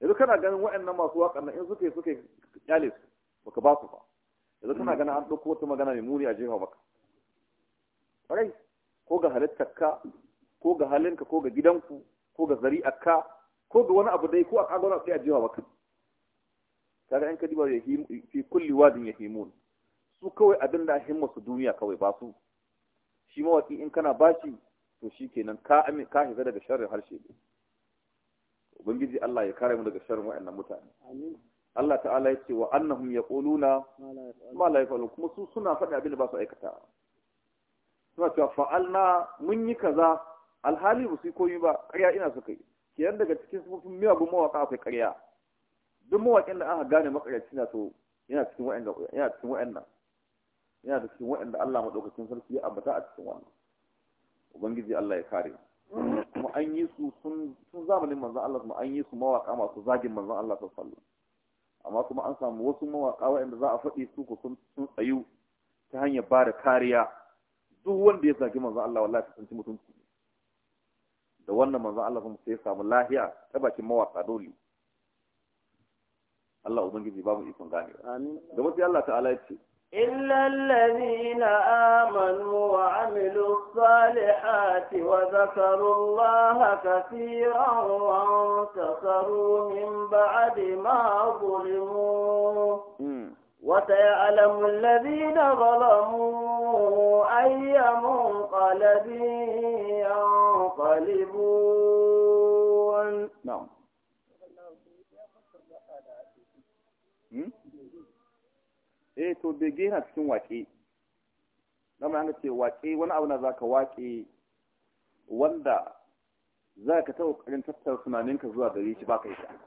yanzu kana ganin waɗannan masu waƙan in suka yi suka yi kyale su baka ba su ba yanzu kana mm. ganin an ɗauko wata magana mai muni a jefa maka ƙwarai ko ga ka ko ga halinka ko ga gidanku ko ga ka ko ga wani abu dai ko a kagona sai a jefa maka kaga yan kadiba ya fi kulli wadin ya himun su kawai abin da himma su duniya kawai ba su shi mawaki in kana bashi to kenan ka ka shiga daga sharrin harshe ne ubangiji Allah ya kare mu daga sharrin wa'annan mutane Allah ta'ala ya ce wa annahum yaquluna ma la yafalun kuma su suna faɗi abin da ba su aikata suna cewa fa'alna mun yi kaza alhali ba su koyi ba ƙarya ina su yi kenan daga cikin sufofin miyagun mawaƙa akwai ƙarya duk mawaƙin da aka gane maƙaryaci na to yana cikin wa'anda yana cikin wa'annan yana cikin wa'anda Allah madaukakin sarki ya ambata a cikin wannan ubangiji Allah ya kare mu kuma an yi su sun zamanin manzan Allah kuma an yi su mawaka masu zagin manzan Allah ta sallu amma kuma an samu wasu mawaka waɗanda za a faɗi su ko sun tsayu ta hanyar ba da kariya duk wanda ya zagi manzan Allah wallahi ta tsanci mutunci da wannan manzan Allah kuma sai ya samu lahiya ta bakin mawaka dole Allah ubangiji ba mu ikon ganewa amin da wasu Allah ta'ala ya ce إلا الذين آمنوا وعملوا الصالحات وذكروا الله كثيرا وانتصروا من بعد ما ظلموا وسيعلم الذين ظلموا أي منقلب ينقلبون نعم no. eh to bege na cikin waƙe dama an ce waƙe wani abu na za ka waƙe wanda za ka ta ƙoƙarin tattara tunaninka zuwa gare shi ba ka yi ta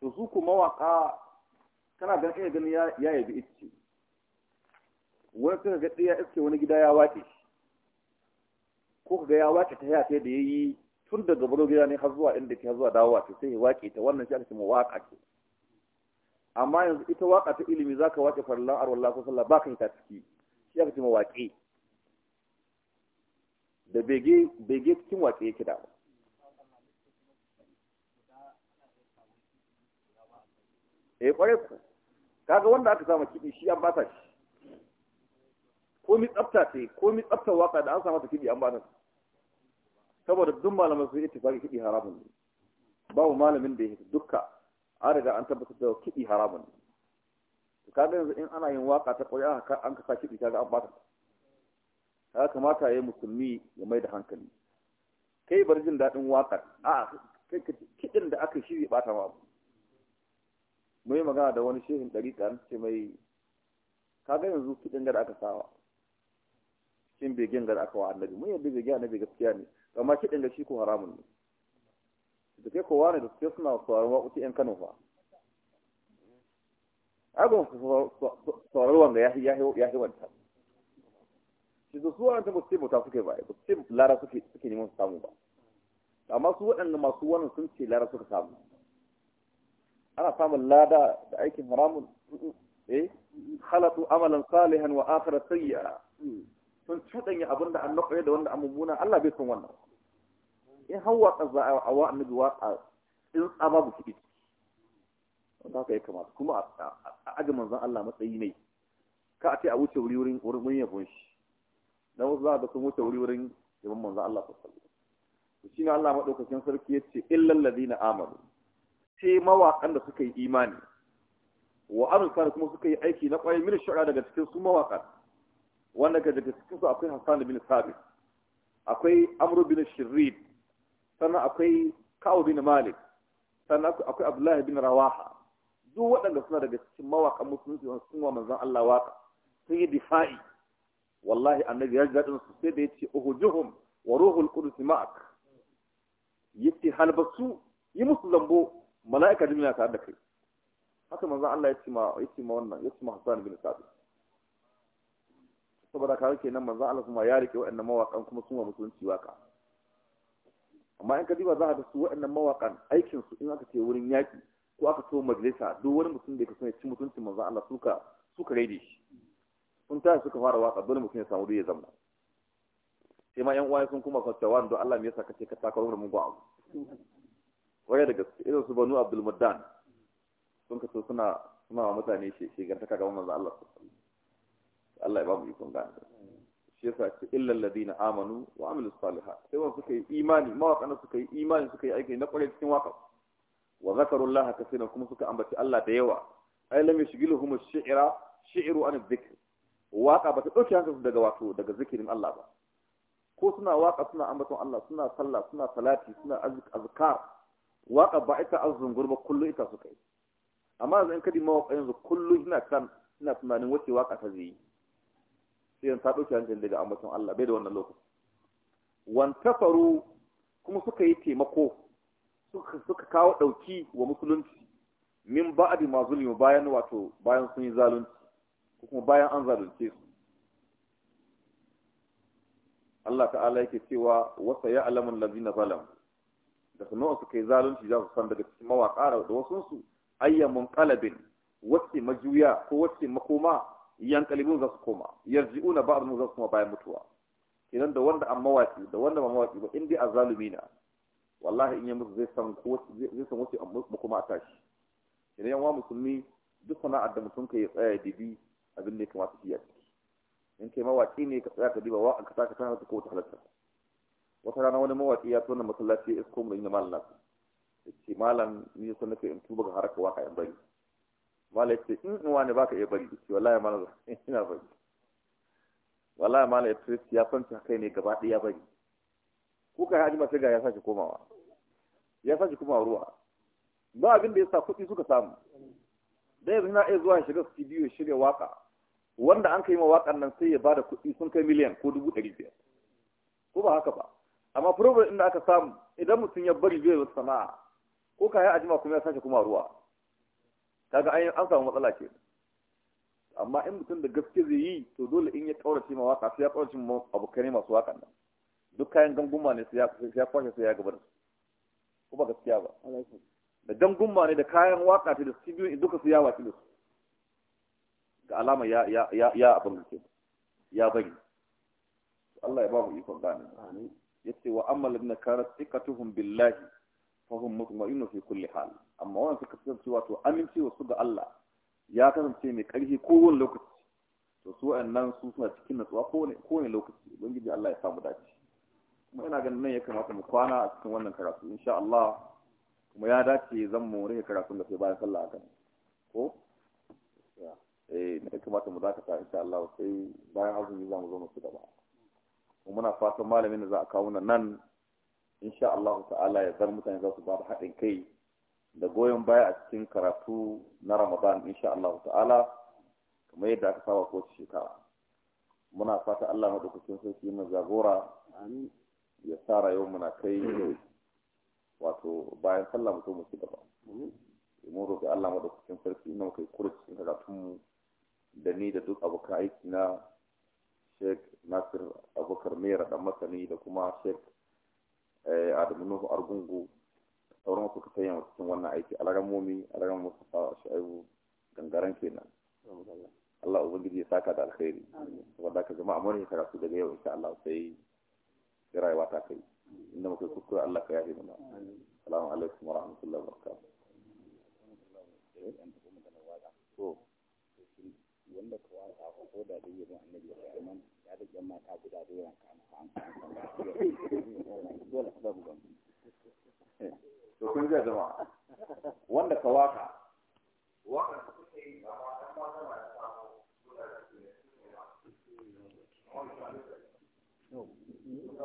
to su kuma waƙa kana gan iya ganin ya yabi ice wani suka ga ya iske wani gida ya waƙe ko ka ga ya waƙe ta yata da ya yi tun daga baro gida ne har zuwa inda ke har zuwa dawowa to sai ya waƙe ta wannan shi aka ce mawaƙa ce amma yanzu ita waka ta ilimi za ka wake farlan arwallah ko sallah baka ta ciki shi ya ce mawaƙi da bege bege cikin waƙe ya da ba eh kware ku kaga wanda aka samu kiɗi shi an bata shi ko mi tsafta ce ko mi tsaftar waka da an samu ta kiɗi an bata saboda duk malaman sun yi ittifaqi kiɗi haramun ne babu malamin da ya dukka an riga an tabbatar da kiɗi haramun to kaga yanzu in ana yin waka ta ƙwai aka an kasa kiɗi ta ga an bata ya kamata ya yi musulmi ya mai da hankali kai bar jin daɗin waƙar a kiɗin da aka shirya bata ma abu mai magana da wani shehin ɗariƙa ce mai kaga yanzu kiɗin da aka sawa cikin begen da aka wa annabi mun yadda bege annabi gaskiya ne amma kiɗin da shi ko haramun ne da ke kowa ne da suke suna sauraron waƙoƙi 'yan kano ba agon sauraron wanga ya yi wanta shi su suwa ta musu bauta suke ba ba su lara suke neman su samu ba amma su waɗanda masu wannan sun ce lara suka samu ana samun lada da aikin haramun eh halatu amalan salihan wa akhara sayyi'a sun cuɗanya abin da an naƙwaye da wanda amma buna, Allah bai san wannan in har waƙa za a waƙa in tsaba bu wanda haka ya kamata kuma a aji manzan Allah matsayi ne ka a ce a wuce wurin wurin yabon shi dan wasu za sun wuce wuri wurin yabon manzan Allah Allah madaukakin sarki yace illal ladina amanu sai mawaƙan da suka yi imani wa amsar kuma suka yi aiki na ƙwayar mini shu'ara daga cikin su mawaƙan wanda daga cikin su akwai Hassan bin Sabit akwai Amr bin Shirid sannan akwai ka'u bin malik sannan akwai abdullahi bin rawaha duk waɗanda suna daga cikin mawaƙan musulunci wanda sun wa manzon Allah waƙa sun yi difa'i wallahi annabi ya ji su sai da yace uhujuhum wa ruhul qudus ma'ak yace halbasu yi musu zambo mala'ika jibril ya tare da kai haka manzon Allah yace ma yace ma wannan yace ma Hassan bin Sabit saboda kawai kenan manzon Allah kuma ya rike waɗannan mawaƙan kuma sun wa musulunci waƙa amma in ka diba za a ga su waɗannan mawaƙan aikin su in aka ce wurin yaƙi ko aka so majalisa duk wani mutum da ya kasance cin mutuncin manzo Allah suka suka rede shi sun tashi suka fara waka dole mutum ya samu duk ya zama sai ma yan uwa sun kuma tawan don Allah me yasa kace ka taka rawar mugun abu waya daga irin su Banu Abdul Muddan sun kaso suna suna mutane shi shi gantaka ga manzo Allah Allah ya ba mu ikon gani shi yasa ce illal ladina amanu wa amilus salihat sai wanda suka yi imani mawaƙan suka yi imani suka yi aiki na kware cikin waka wa zakarullaha kasina kuma suka ambaci Allah da yawa ai lam yashghiluhum ash-shi'ra shi'ru an dhikr waƙa ba ta dauke hankalinsu daga wato daga zikirin Allah ba ko suna waƙa suna ambaton Allah suna sallah suna salati suna azkar waƙa ba ita azzungur ba kullu ita suka yi amma yanzu in kadi mawaƙa yanzu kullu ina kan ina tunanin wace waƙa ta zai yi sai ta dauke hankali daga ambaton Allah bai da wannan lokaci wan kafaru kuma suka yi taimako suka suka kawo dauki wa musulunci min ba'di ma zulmi bayan wato bayan sun yi zalunci ko kuma bayan an zalunce su Allah ta'ala yake cewa wa ya alamun zalam da kuma su kai zalunci za su san daga cikin mawaƙa da wasunsu ayyamun qalabin wacce majuya ko wacce makoma yanqalibu za su koma yarji'una ba'dhum za su koma bayan mutuwa idan da wanda an mawaki da wanda ba mawaki ba in azalumi na wallahi in ya mutu zai san ko zai san wace kuma a tashi idan yan wa musulmi duk sana'ar da mutum kai tsaya ya dibi abin da ya kamata shi ya ciki in kai mawaki ne ka tsaya ka diba wa ka saka tana ko ta halatta wata rana wani mawaki ya tona masallaci ya isko mu inda malam nasu ya ce malam ni ya na nake in tuba ga haraka waka yan bari mala ya ce in in wani baka iya bari ce wallahi mala ina bari wallahi mala ya ce ya kwanta kai ne gaba ɗaya bari ko kai hajima sai ga ya sace komawa ya sace komawa ruwa ba abin da ya sa kuɗi suka samu da yanzu na iya zuwa ya shiga studio ya shirya waka wanda an kai ma wakan nan sai ya bada kuɗi sun kai miliyan ko dubu ɗari biyar ko ba haka ba amma problem inda aka samu idan mutum ya bari zai yi sana'a ko kai yi ma kuma ya sace kuma ruwa kaga an samu matsala ke amma in mutum da gaske zai yi to dole in ya kaurace ma waka sai ya kaurace ma abokanai masu waka nan duk kayan ganguma ne sai ya kwashe sai ya gaba da su ko ba gaskiya ba da ganguma ne da kayan waka ta da studio duka su ya waki da su ga alama ya ya ya ya abin da ke ya bari Allah ya ba mu ikon gane yace wa amma ladina kanat thiqatuhum billahi fahim mutmainu fi kulli hal amma wannan suka kasance wato aminci su ga Allah ya kasance mai karfi kowane lokaci to su su suna cikin natsuwa kowane lokaci ubangiji Allah ya samu dace kuma ina ganin nan ya kamata mu kwana a cikin wannan karatu insha Allah kuma ya dace zan mu rike karatu da sai bayan sallah ko eh ne kamata mu dakata insha Allah sai bayan azumi za mu zo mu ci gaba muna fatan malamin da za a kawo nan insha Allah ta'ala ya zama mutane za su ba da haɗin kai da goyon baya a cikin karatu na Ramadan insha Allah ta'ala kamar yadda aka saba kowace shekara muna fata Allah ɗaukacin sarki na zagora ya sa rayuwar muna kai wato bayan sallah mutum so mu ci gaba mun roƙi Allah ɗaukacin sarki na kai kurci cikin karatunmu da ni da duk abokan aiki na Sheikh Nasir Abubakar Mera da masani da kuma Sheikh Eh, adamu nuhu argungu da sauran ma suka yi cikin wannan aiki alaran momi alaran mustafa shu'aibu gangaran kenan Allah ubangiji ya saka da alkhairi saboda ka jama'a mun karatu daga yau insha Allah sai rayuwa ta kai inda muka kuskure Allah ka yafe mana assalamu alaikum wa rahmatullahi wa barakatuh wanda ka wasa ko da dai yaron annabi da mata guda da dole ka babu gan to kun ga zama wanda ka waka waka kuke yi ba ma ya samu guda da ke